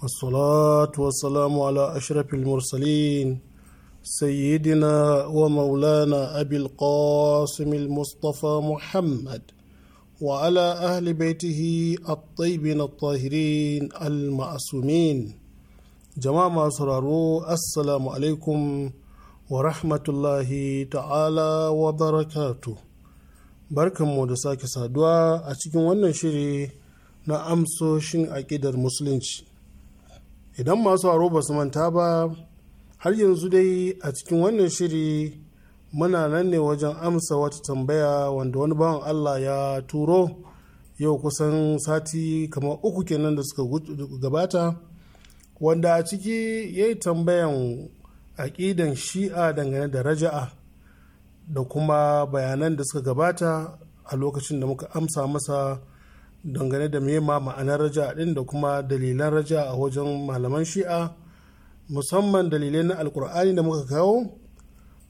والصلاة والسلام على أشرف المرسلين سيدنا ومولانا أبي القاسم المصطفى محمد وعلى أهل بيته الطيبين الطاهرين المعصومين جماعة سرارو السلام عليكم ورحمة الله تعالى وبركاته barkanmu da sake saduwa a cikin wannan shiri na amsoshin aƙidar musulunci idan masu haro ba su manta ba har yanzu dai a cikin wannan shiri muna nan ne wajen amsa wata tambaya wanda wani bawan allah ya turo yau kusan sati kamar uku kenan da suka gabata wanda a ciki ya yi tambayan aƙidan shi'a dangane da raja'a da kuma bayanan da suka gabata a lokacin da muka amsa masa dangane da mema ma'anar raja'a ɗin da kuma dalilan raja'a a wajen malaman shi'a musamman dalilai na alkur'ani da muka kawo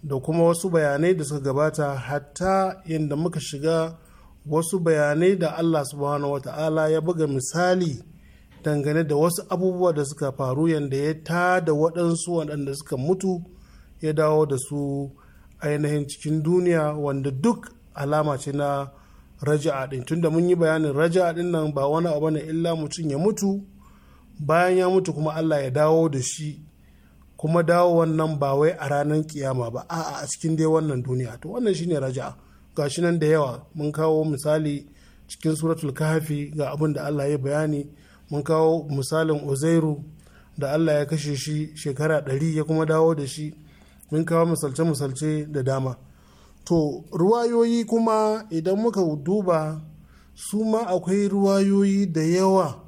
da kuma wasu bayanai da suka gabata hatta inda muka shiga wasu bayanai da allah subhanahu wata'ala ya buga misali dangane da wasu abubuwa da suka faru yadda ya ta da waɗansu waɗanda suka mutu ya dawo da su ainihin cikin duniya wanda duk alama ce na raja'a din tunda mun yi bayanin raja'a ɗin nan ba wani abu ne illa mutum ya mutu bayan ya mutu kuma allah ya dawo da shi kuma dawo wannan ba wai a ranar kiyama ba a'a a cikin dai wannan duniya to wannan shine raja'a shi nan da yawa mun kawo misali cikin suratul kahfi ga abin da Allah ya bayani mun kawo misalin uzairu da Allah ya kashe shi shekara ɗari ya kuma dawo da shi mun kawo misalce-misalce da dama to ruwayoyi kuma idan muka duba su ma akwai ruwayoyi da yawa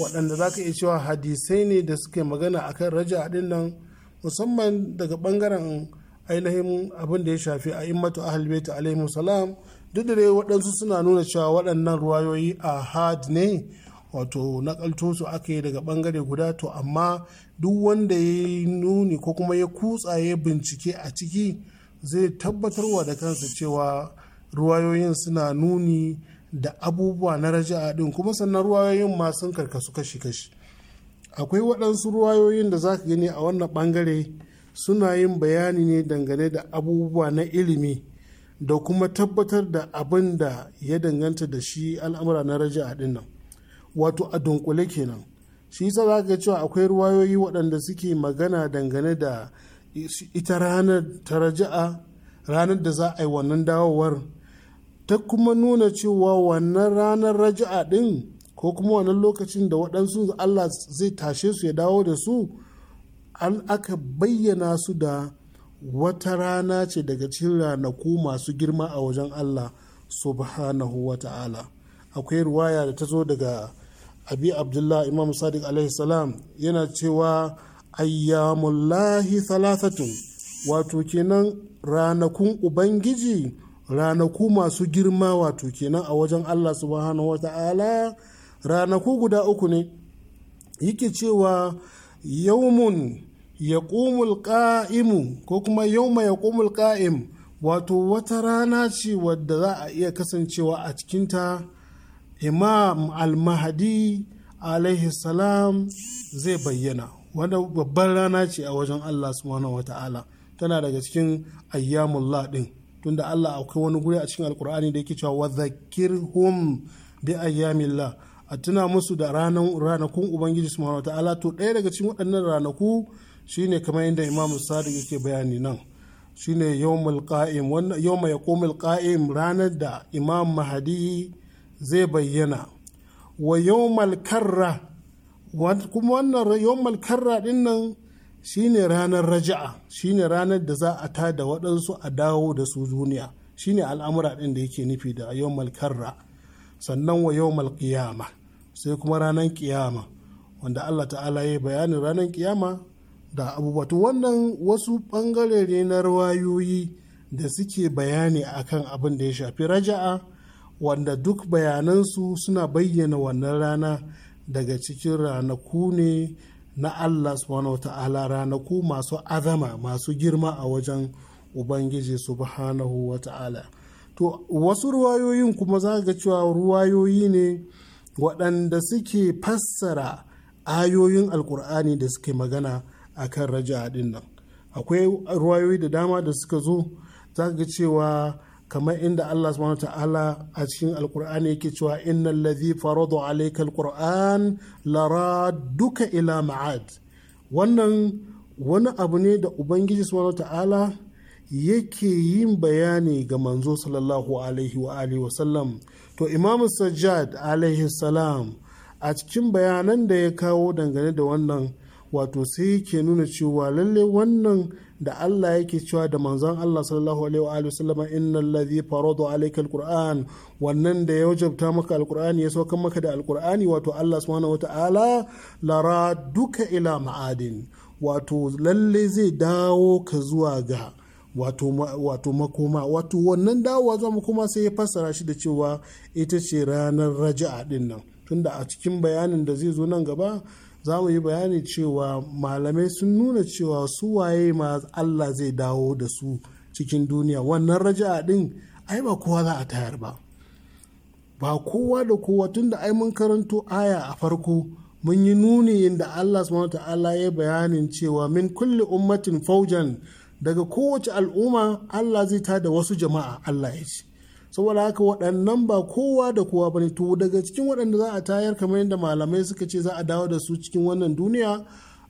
waɗanda za ka iya cewa hadisai ne da suke magana akan raja ɗin nan musamman daga bangaren ainihin abin da ya shafi a immatu ahal baiti alaihi salam duk da dai waɗansu suna nuna cewa waɗannan ruwayoyi a had ne wato na aka yi daga bangare guda to amma duk wanda ya yi nuni ko kuma ya kutsa ya bincike a ciki zai tabbatarwa da kansa cewa ruwayoyin suna nuni da abubuwa na raja'a din kuma sannan ruwayoyin ma sun karkasu kashi-kashi akwai waɗansu ruwayoyin da za ka gani a wannan ɓangare suna yin bayani ne dangane da abubuwa na ilimi da kuma tabbatar da abin da ya danganta da shi al'amura na raja a nan wato a dunkule kenan shi yasa za ka cewa akwai ruwayoyi waɗanda suke magana dangane da ita ranar ta raja'a ranar da za a yi wannan dawowar ta kuma nuna cewa wannan ranar raja'a ɗin ko kuma wannan lokacin da waɗansu Allah zai tashe su ya dawo da su an aka bayyana su da wata rana ce daga cikin ranaku masu girma a wajen Allah subhanahu wa ta'ala akwai ruwaya da ta zo daga abi abdullah imam sadiq alaihi salam yana cewa ayyamullahi thalathatun wato kenan ranakun ubangiji ranaku masu girma wato kenan a wajen Allah subhanahu wa ta'ala ranaku guda uku ne yake cewa yaumun ya ƙa'imu ko kuma yauma ya ƙa'im wato wata rana ce wadda za a iya kasancewa a cikinta imam al-mahadi alaihi salam zai bayyana wanda babban rana ce a wajen allah subhanahu wa ta'ala tana daga cikin ayyamun ɗin, tunda allah akwai wani guri a cikin alkur'ani da yake cewa wa zakirhum bi ayyamillah a tuna musu da ranakun ubangiji subhanahu ta'ala to ɗaya daga cikin waɗannan ranaku shine kamar yadda imam sadiq yake bayani nan shine yawmul qa'im wannan yawma yaqumul ranar da imam mahadi zai bayyana wa yawmal karra kuma wannan yawmal karra din nan shine ranar raja'a shine ranar da za a tada waɗansu a dawo da su duniya shine al'amura ɗin da yake nufi da yawmal karra sannan wa yawmal qiyama sai kuma ranar kiyama wanda Allah ta'ala ya bayanin ranar kiyama da abubuwa wannan wasu bangare ne na rawayoyi da suke bayani akan abin da ya shafi raja'a wanda duk bayanansu suna bayyana wannan rana daga cikin ranaku ne na Allah subhanahu ta'ala ranaku masu azama masu girma a wajen Ubangiji subhanahu wa ta'ala to wasu ruwayoyin kuma za ga cewa ruwayoyi ne waɗanda suke fassara ayoyin alkur'ani da suke magana a kan raja'a ɗin nan akwai ruwayoyi da dama da suka zo za ga cewa kamar inda Allah subhanahu ta'ala a cikin alkur'ani yake cewa innal ladhi faradu alayka alquran duka ila ma'ad wannan wani abu ne da ubangiji subhanahu ta'ala yake yin bayani ga manzo sallallahu alaihi wa alihi wasallam to imamu sajjad alaihi salam a cikin bayanan da ya kawo dangane da wannan wato sai ke nuna cewa lalle wannan da Allah yake cewa da manzon Allah sallallahu alaihi wa alihi wasallama innal ladhi farada alayka alquran wannan da ya wajabta maka alqur'ani ya sauka maka da alqur'ani wato Allah subhanahu wataala lara duka ila ma'adin wato lalle zai dawo ka zuwa ga wato makoma wato wannan dawowa zuwa makoma sai ya fassara shi da cewa ita ce ranar raja'a din nan tunda a cikin bayanin da zai zo nan gaba za mu yi bayani cewa malamai sun nuna cewa su waye ma Allah zai dawo da su cikin duniya wannan raja'a din ai ba kowa za a tayar ba ba kowa da kowa tunda ai mun karanto aya a farko mun yi nuni inda Allah subhanahu ta'ala ya bayanin cewa min kulli ummatin faujan daga kowace al'umma Allah zai tada wasu jama'a Allah ya ce saboda haka waɗannan ba kowa da kowa bane to daga cikin waɗanda za a tayar kamar yadda malamai suka ce za a dawo da su cikin wannan duniya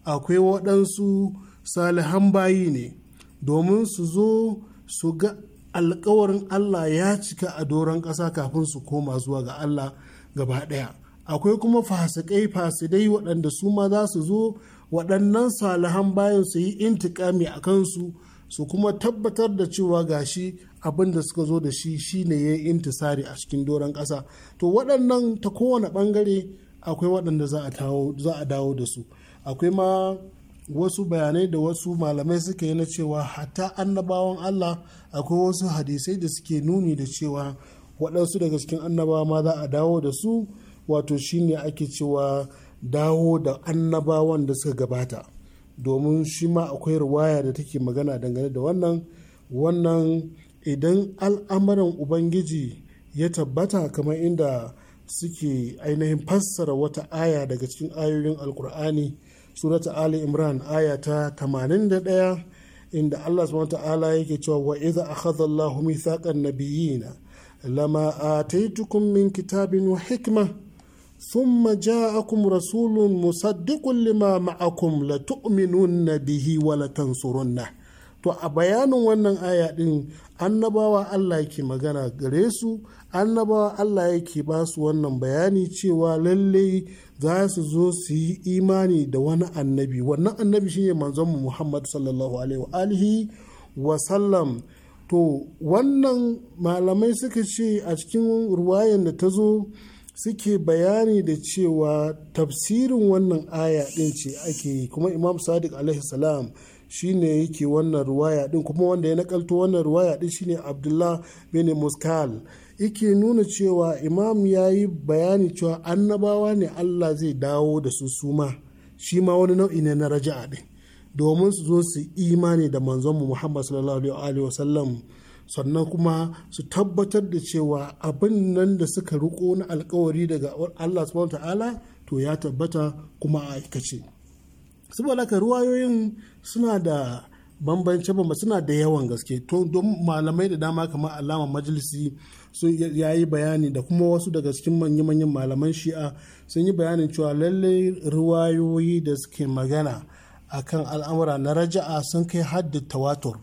akwai waɗansu salihan bayi ne domin su zo su ga alkawarin Allah ya cika a doron ƙasa kafin su koma zuwa ga Allah gaba ɗaya akwai kuma fasikai fasidai waɗanda su ma za su zo waɗannan salihan bayan su yi intikami a kansu su kuma tabbatar da cewa gashi abin da suka zo da shi shine ya yi intisari a cikin doron ƙasa to waɗannan ta kowane ɓangare akwai waɗanda za a dawo da su akwai ma wasu bayanai da wasu malamai suka yi na cewa hatta annabawan Allah akwai wasu hadisai da suke nuni da cewa waɗansu daga cikin annabawa ma za a dawo da su wato shine ake cewa dawo da annabawan da suka gabata domin shi ma akwai ruwaya da take magana dangane da wannan wannan idan al'amuran ubangiji ya tabbata kamar inda suke ainihin fassara wata aya daga cikin ayoyin alkur'ani surata ali imran aya ta 81 inda allah subhanahu ta'ala yake cewa wa iza akhadha allahu mithaqan nabiyina lama ataitukum min kitabin wa hikma ثم جاءكم رسول مصدق لما معكم لتؤمنن به ولتنصرنه to a bayanin wannan aya din annabawa Allah yake magana gare su annabawa Allah yake ba su wannan bayani cewa lallai za su zo su yi imani da wani annabi wannan annabi shine manzon Muhammad sallallahu alaihi wa wa sallam to wannan malamai suka ce a cikin ruwayan da ta zo suke bayani da cewa tafsirin wannan aya din ce ake yi kuma imam sadiq alaihi salam shine yake wannan ruwaya din kuma wanda ya nakalto wannan ruwaya din shine abdullah bin muskal yake nuna cewa imam ya yi bayani cewa annabawa ne allah zai dawo da su suma shi ma wani nau'i ne na raja'a din domin su zo su imani da manzon mu muhammad sallallahu alaihi wasallam sannan kuma su tabbatar da cewa abin nan da suka riko na alkawari daga Allah subhanahu ta'ala to ya tabbata kuma a aikace saboda ka ruwayoyin suna da bambance ba suna da yawan gaske to don malamai da dama kamar alama majalisi sun ya yi bayani da kuma wasu daga cikin manya-manyan malaman shi'a sun yi bayanin cewa lallai ruwayoyi da suke magana akan al'amura na raja'a sun kai haddin tawatur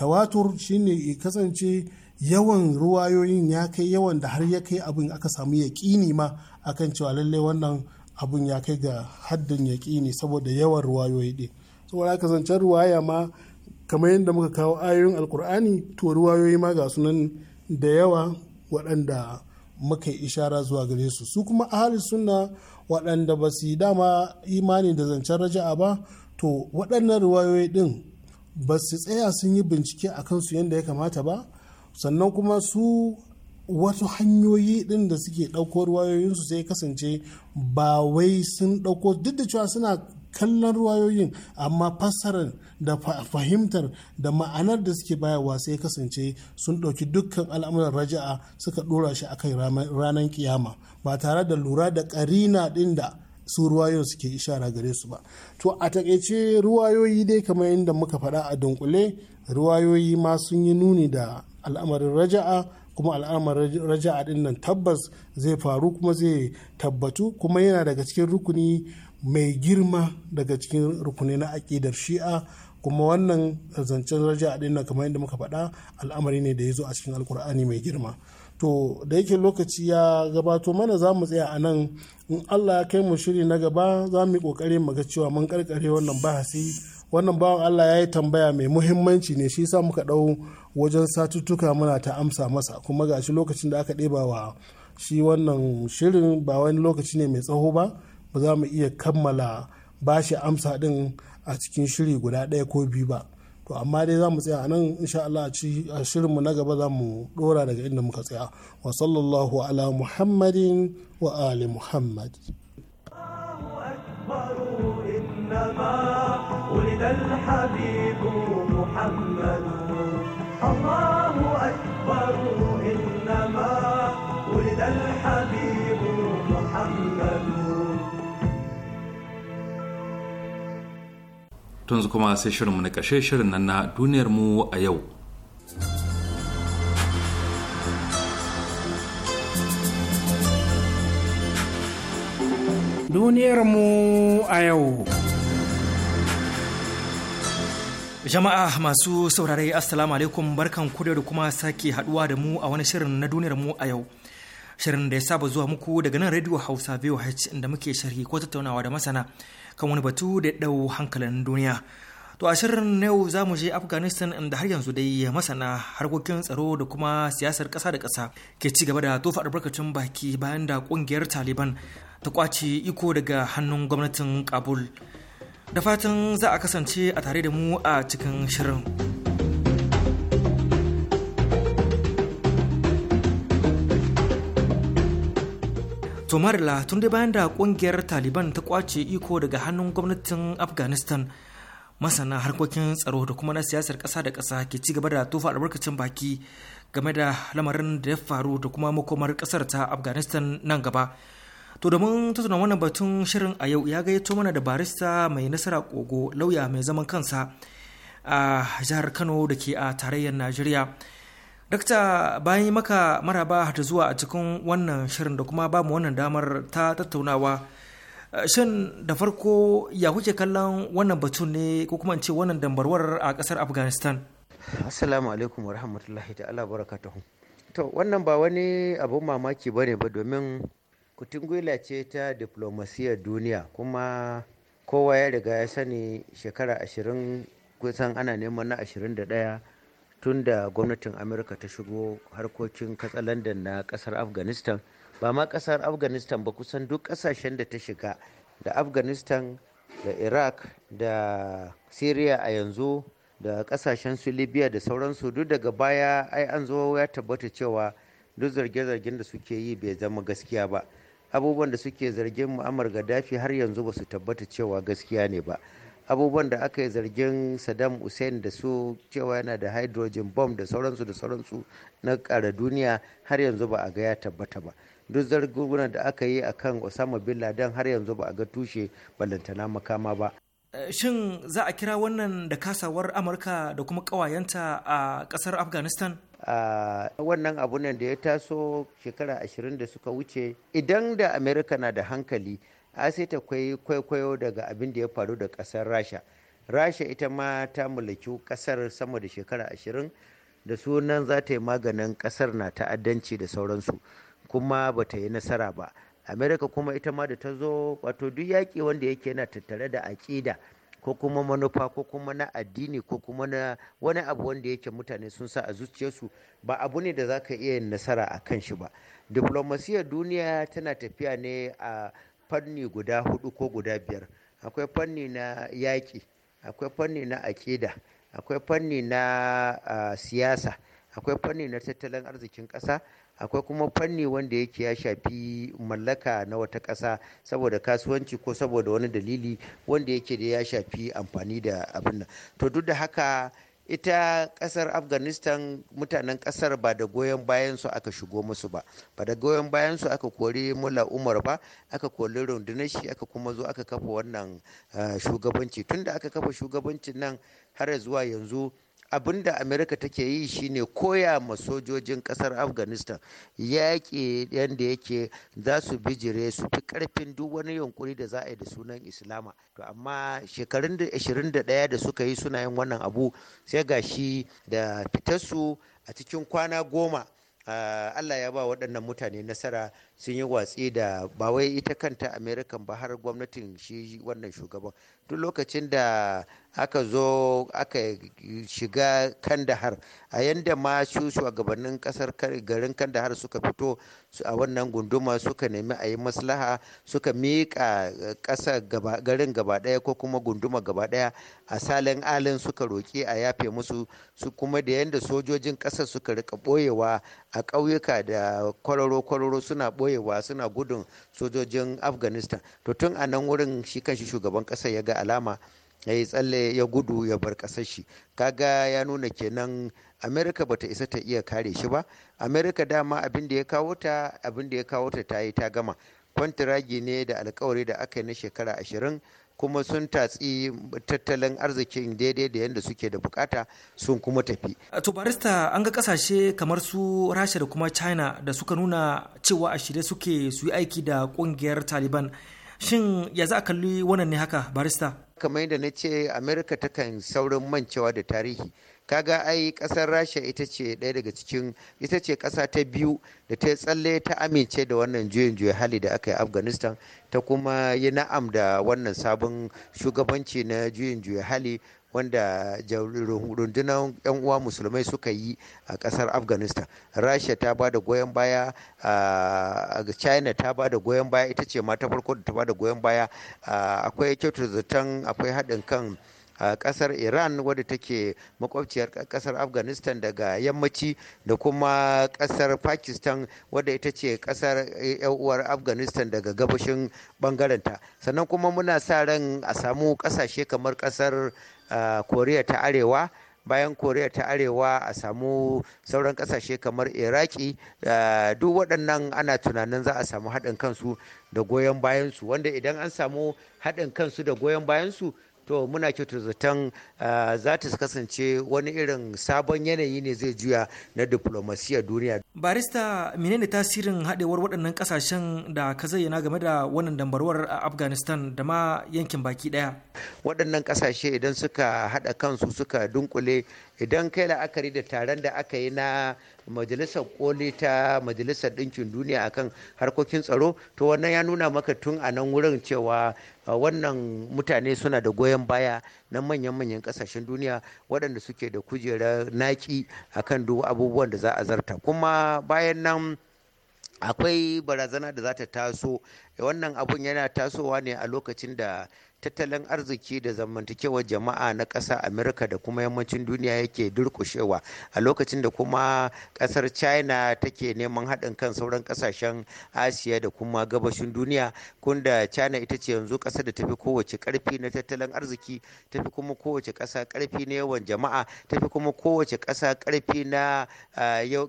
tawatur shine ya kasance yawan ruwayoyin ya kai yawan da har ya kai abin aka samu yaƙini ma akan cewa lallai wannan abin ya kai ga haddin yaƙini saboda yawan ruwayoyi ɗin saboda haka zancen ruwaya ma kamar yadda muka kawo ayoyin alkur'ani to ruwayoyi ma ga sunan da yawa waɗanda muka ishara zuwa gare su su kuma ahalin suna waɗanda ba su yi dama imani da zancen raja'a ba to waɗannan ruwayoyi ɗin ba su tsaya sun yi bincike a kansu yadda ya kamata ba sannan kuma su wasu hanyoyi din da suke ɗauko wayoyinsu sai kasance ba wai sun ɗauko duk da cewa suna kallon ruwayoyin amma fassarar da fahimtar da ma'anar da suke bayarwa sai kasance sun ɗauki dukkan al'amuran raja'a suka ɗora shi a kan ranar kiyama ba tare da lura da ƙarina ɗin da su ruwayoyin suke ishara gare su ba to a takaice ruwayoyi dai kamar yadda muka faɗa a dunkule ruwayoyi ma sun yi nuni da al'amarin raja'a kuma al'amarin raja'a din nan tabbas zai faru kuma zai tabbatu kuma yana daga cikin rukuni mai girma daga cikin rukuni na aƙidar shi'a kuma wannan zancen raja'a din nan kamar yadda muka faɗa al'amari ne da ya zo a cikin alkur'ani mai girma to da yake lokaci ya gabato mana za mu tsaya a nan in allah ya kai mu shiri na gaba za mu yi kokari mu ga cewa mun karkare wannan bahasi wannan bawan allah ya yi tambaya mai muhimmanci ne shi sa muka ɗau wajen satuttuka muna ta amsa masa kuma ga shi lokacin da aka ɗeba wa shi wannan shirin ba wani lokaci ne mai tsaho ba ba za mu iya kammala bashi amsa din a cikin shiri guda ɗaya ko biyu ba to amma dai za mu tsaya a nan insha Allah a mu na gaba za mu dora daga inda muka tsaya wa sallallahu ala muhammadin wa ali muhammad Allahu tunzu kuma sai shirinmu na ƙashe shirin nan na duniyarmu a yau duniyarmu a yau Jama'a masu saurare Assalamu alaikum barkan kudu da kuma sake haduwa da mu a wani shirin na duniyarmu a yau. shirin da ya saba zuwa muku daga nan radio hausa voh inda muke sharhi ko tattaunawa da masana kan wani batu da ɗau hankalin duniya to a shirin na yau za mu je afghanistan inda har yanzu dai masana harkokin tsaro da kuma siyasar ƙasa da ƙasa ke ci gaba da tofa albarkacin baki bayan da ƙungiyar taliban ta kwace iko daga hannun gwamnatin kabul da fatan za a kasance a tare da mu a cikin shirin. to marila tun dai bayan da kungiyar taliban ta kwace iko daga hannun gwamnatin afghanistan masana harkokin tsaro da kuma na siyasar kasa da ƙasa ke ci gaba da tofa albarkacin baki game da lamarin da ya faru da kuma makomar ƙasar ta afghanistan nan gaba to domin tattauna wannan batun shirin a yau ya gayyato mana da barista mai nasara kogo lauya mai zaman kansa a jihar kano da ke a tarayyar najeriya Dakta bayan yi maka maraba ta zuwa a cikin wannan shirin da kuma bamu wannan damar ta tattaunawa. Eh, shin da farko ya kuke kallon wannan batun ne ko kuma ce wannan dambarwar a kasar Afghanistan? Assalamu alaikum wa rahmatullahi ta'ala barakatuhu. To wannan ba wani abin mamaki ba ne ba domin kutungula ce ta diplomasiyar duniya kuma kowa ya riga ya sani shekara ashirin kusan ana neman na ashirin da ɗaya tun da gwamnatin amurka ta shigo harkokin katsalandan na kasar afghanistan ba ma kasar afghanistan ba kusan duk kasashen da ta shiga da afghanistan da iraq da syria a yanzu da kasashen su libya da sauransu duk daga baya ai an zo ya tabbata cewa duk zarge-zargen da suke yi bai zama gaskiya ba abubuwan da suke zargin muamar gaddafi har yanzu ba su tabbata cewa gaskiya ne ba abubuwan da aka yi zargin saddam hussein da su cewa yana da hydrogen bomb da sauransu da sauransu na kara duniya har yanzu ba a ga ya tabbata ba duk zargin da aka yi a kan osama bin laden har yanzu ba a ga tushe ballantana makama ba eh, shin za a kira wannan da kasawar amurka da kuma ƙawayenta a ƙasar afghanistan a wannan abu ne da ya taso shekara ashirin da suka wuce idan da amerika na da hankali a sai ta kwaikwayo daga abin da ya faru da kasar rasha rasha ita ma ta mulki kasar sama da shekara ashirin da sunan za ta yi maganin kasar na ta'addanci da sauransu kuma ba ta yi nasara ba amerika kuma ita ma da ta zo wato duk yaƙi wanda yake yana tattare da aƙida ko kuma manufa ko kuma na addini ko kuma na wani abu wanda yake mutane sun sa a zuciyarsu ba abu ne da za ka iya yin nasara a kan shi ba diplomasiyar duniya tana tafiya ne a fanni guda hudu ko guda biyar akwai fanni na yaƙi akwai fanni na akida akwai fanni na siyasa akwai fanni na tattalin arzikin ƙasa akwai kuma fanni wanda yake ya shafi mallaka na wata ƙasa saboda kasuwanci ko saboda wani dalili wanda yake da ya shafi amfani da abin nan to duk da haka ita ƙasar afghanistan mutanen ƙasar ba da goyon bayan su aka shigo musu ba ba da goyon bayan su aka kori mula umar ba aka kori rundunar shi aka kuma zo aka kafa wannan eh, shugabanci tunda aka kafa shugabancin nan har zuwa yanzu abin da amerika take yi shine koya ma sojojin kasar afghanistan yaƙi yadda yake za su bijire su fi ƙarfin duk wani yunkuri da za a yi da sunan islama to amma shekarun da ashirin da ɗaya da suka yi suna yin wannan abu sai ga shi da fitarsu a cikin kwana goma Allah ya ba waɗannan mutane nasara sun yi watsi da ba wai ita kanta Amerikan ba har gwamnatin shi wannan shugaban duk lokacin da aka zo aka shiga kandahar a yadda ma su shugabannin kasar garin kandahar suka fito a wannan gunduma suka nemi a yi maslaha suka miƙa eh, ƙasa garin gaba ɗaya ko kuma gunduma gaba ɗaya a salin alin suka roƙi a yafe musu su kuma da yadda sojojin ƙasar suka rika ɓoyewa a ƙauyuka da kwararo-kwararo suna ɓoyewa suna gudun sojojin afghanistan to tun a nan wurin shi kanshi shugaban ƙasar ya ga alama ya yi tsalle ya gudu ya bar ƙasar shi kaga ya nuna kenan amerika bata isa ta iya kare shi ba amerika dama abin da ya kawo ta abin da ya kawo ta ta yi ta gama kwantiragi ne da alkawari da aka yi na shekara ashirin kuma sun tatsi tattalin arzikin daidai da yadda suke da bukata sun kuma tafi. To barista an ga kasashe kamar su Rasha da kuma China da suka nuna cewa a shirye suke su yi aiki da kungiyar Taliban. Shin ya za a kalli wannan ne haka barista? kamar da na ce amerika takan saurin mancewa da tarihi ka ga ai kasar rasha ita ce ɗaya daga cikin ita ce ƙasa ta biyu da ta tsalle ta amince da wannan juyin juya hali da aka yi afghanistan ta kuma yi na'am da wannan sabon shugabanci na juyin juya hali wanda rundunar 'yan uwa musulmai suka yi a kasar afghanistan rasha ta ba da goyon baya a china ta ba da goyon baya ita ce ma ta farko da ta ba da goyon baya akwai kyautar zaton akwai haɗin kan a kasar iran wadda take makwabciyar kasar afghanistan daga yammaci da kuma kasar pakistan wadda ita ce kasar uwar afghanistan daga gabashin bangarenta sannan kuma muna sa ran a samu kasashe kamar kasar koriya ta arewa bayan koriya ta arewa a samu sauran kasashe kamar iraki duk waɗannan ana tunanin za a samu haɗin kansu da goyon bayansu wanda idan an samu haɗin kansu da goyon bayansu to muna kyautu zaton za ta kasance wani irin sabon yanayi ne zai juya na diplomasiya duniya. barista menene tasirin haɗewar waɗannan ƙasashen da ka zayyana game da wannan dambarwar a afghanistan da ma yankin baki ɗaya waɗannan ƙasashe idan suka haɗa kansu suka dunkule idan kai la'akari da taron da aka yi na majalisar koli ta majalisar ɗinkin duniya akan harkokin tsaro to wannan ya nuna maka tun a nan wurin cewa uh, wannan mutane suna da goyon baya na manyan-manyan ƙasashen duniya waɗanda suke da kujerar naki akan duk abubuwan da za a zarta kuma bayan nan akwai barazana da za ta taso wannan abun yana tasowa ne a lokacin da tattalin arziki da zamantakewar jama'a na ƙasa amurka da kuma yammacin duniya yake durƙushewa a lokacin da kuma ƙasar china take neman haɗin kan sauran ƙasashen asiya da kuma gabashin duniya kunda china ita ce yanzu ƙasar da tafi kowace ƙarfi na tattalin arziki tafi kuma kowace ƙasa ƙarfi na yawan jama'a tafi kuma kowace ƙasa ƙarfi na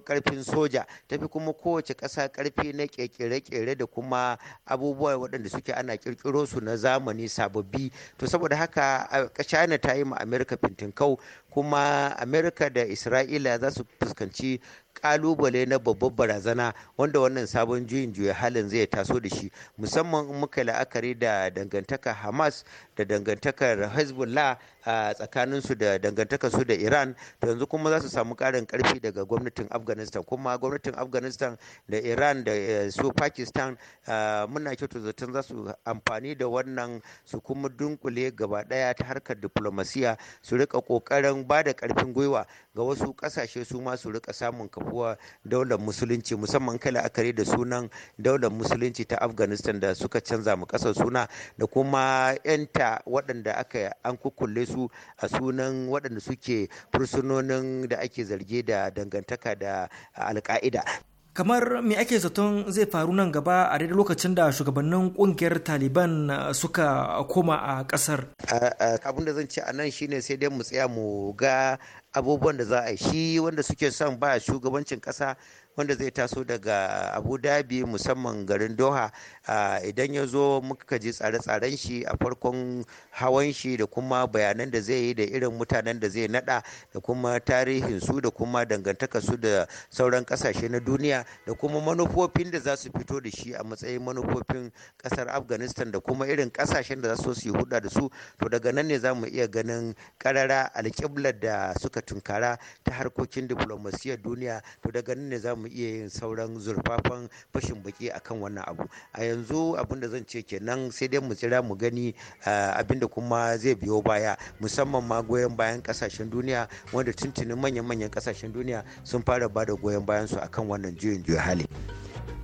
ƙarfin soja tafi kuma kowace ƙasa ƙarfi na ƙirƙire-ƙire da kuma abubuwa waɗanda suke ana ƙirƙiro su na zamani sabo. takobi to saboda haka china ta yi ma america fintinkau kuma america da isra'ila za su fuskanci kalubale na babbar barazana wanda wannan sabon juyin juya halin zai taso da shi musamman in muka la'akari da dangantaka hamas da dangantakar hezbollah a tsakaninsu da dangantaka su da iran to yanzu kuma za su samu karin karfi daga gwamnatin afghanistan kuma gwamnatin afghanistan da iran da e, su pakistan muna kyautu zaton za su amfani da wannan su kuma dunkule gaba ɗaya ta harkar diplomasiya su rika kokarin ba da karfin gwiwa ga wasu ƙasashe su ma su rika samun afkuwa daular musulunci musamman kai la'akari da sunan daular musulunci ta afghanistan da suka canza mu kasar suna da kuma 'yanta waɗanda aka an kukulle su a sunan waɗanda suke fursunonin da ake zarge da dangantaka da alka'ida kamar me ake zaton zai faru nan gaba a daidai lokacin da shugabannin kungiyar taliban suka koma a kasar abin da zan ce a nan shine sai dai mu tsaya mu ga abubuwan da za a yi shi wanda suke son ba shugabancin ƙasa wanda zai taso daga abu dhabi musamman garin doha idan ya zo muka ji tsare-tsaren shi a farkon hawan shi da kuma bayanan da zai yi da irin mutanen da zai nada da kuma tarihin su da kuma dangantaka su da sauran kasashe na duniya da kuma manufofin da za su fito da shi a matsayin manufofin kasar afghanistan da kuma irin kasashen da za su yi huda da su to daga nan ne za mu iya ganin karara alƙiblar da suka tunkara ta harkokin diflomasiyyar duniya to daga nan ne za mu mu iya yin sauran zurfafan fashin baki akan wannan abu a yanzu abin da zan ce kenan sai dai mu tsira mu gani abin da kuma zai biyo baya musamman ma goyon bayan kasashen duniya wanda tuntunin manyan-manyan kasashen duniya sun fara ba da goyon bayan su akan wannan juyin juya hali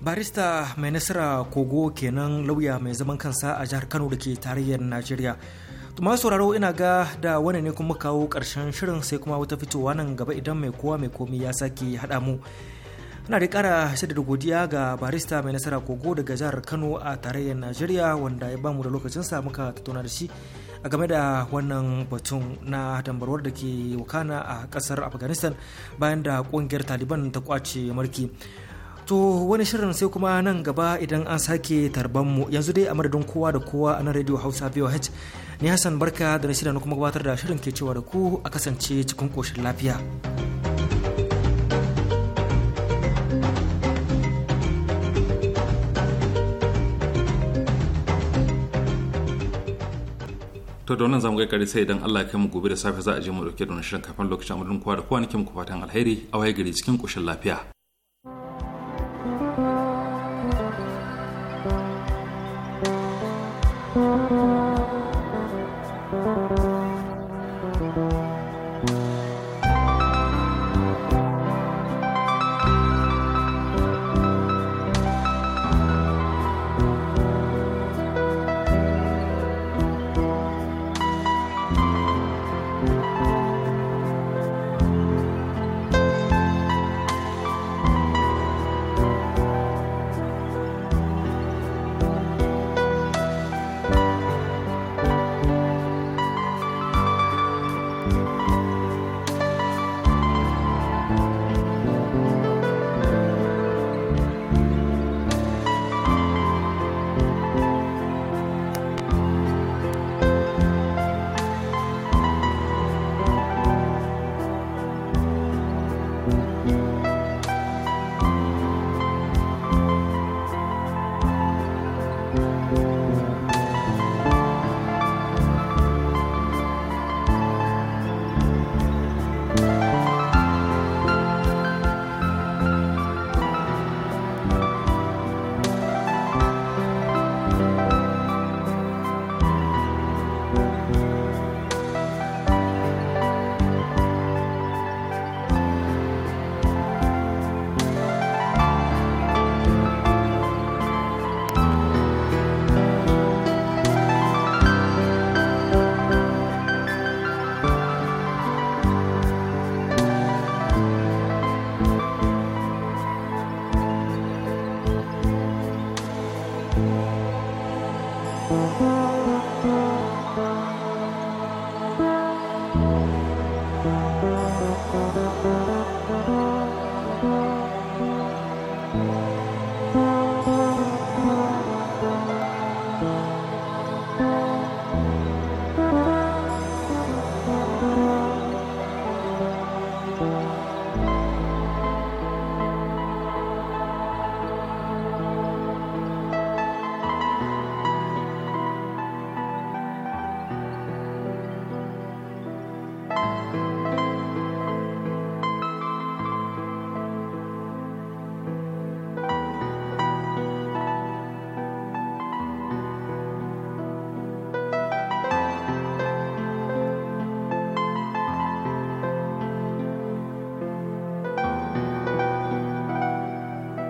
barista mai nasara kogo kenan lauya mai zaman kansa a jihar kano da ke tarayyar najeriya tuma sauraro ina ga da wani ne kuma kawo karshen shirin sai kuma wata fitowa nan gaba idan mai kowa mai komi ya sake haɗa mu ana da kara da godiya ga barista mai nasara kogo daga jihar Kano a tarayyar Najeriya wanda ya bamu da lokacin sa muka tattauna da shi a game da wannan batun na tambarwar da ke wakana a kasar Afghanistan bayan da kungiyar Taliban ta kwace mulki. To wani shirin sai kuma nan gaba idan an sake tarbanmu yanzu dai a madadin kowa da kowa a nan Radio Hausa VOH ni Hassan Barka da na shirin kuma gabatar da shirin ke cewa da ku a kasance cikin koshin lafiya. to da wannan zamu ga kare sai idan Allah ya kai mu gobe da safe za a je mu dauke da wannan shirin kafin lokacin amurin kowa da kowa nake muku fatan alheri a waye gari cikin koshin lafiya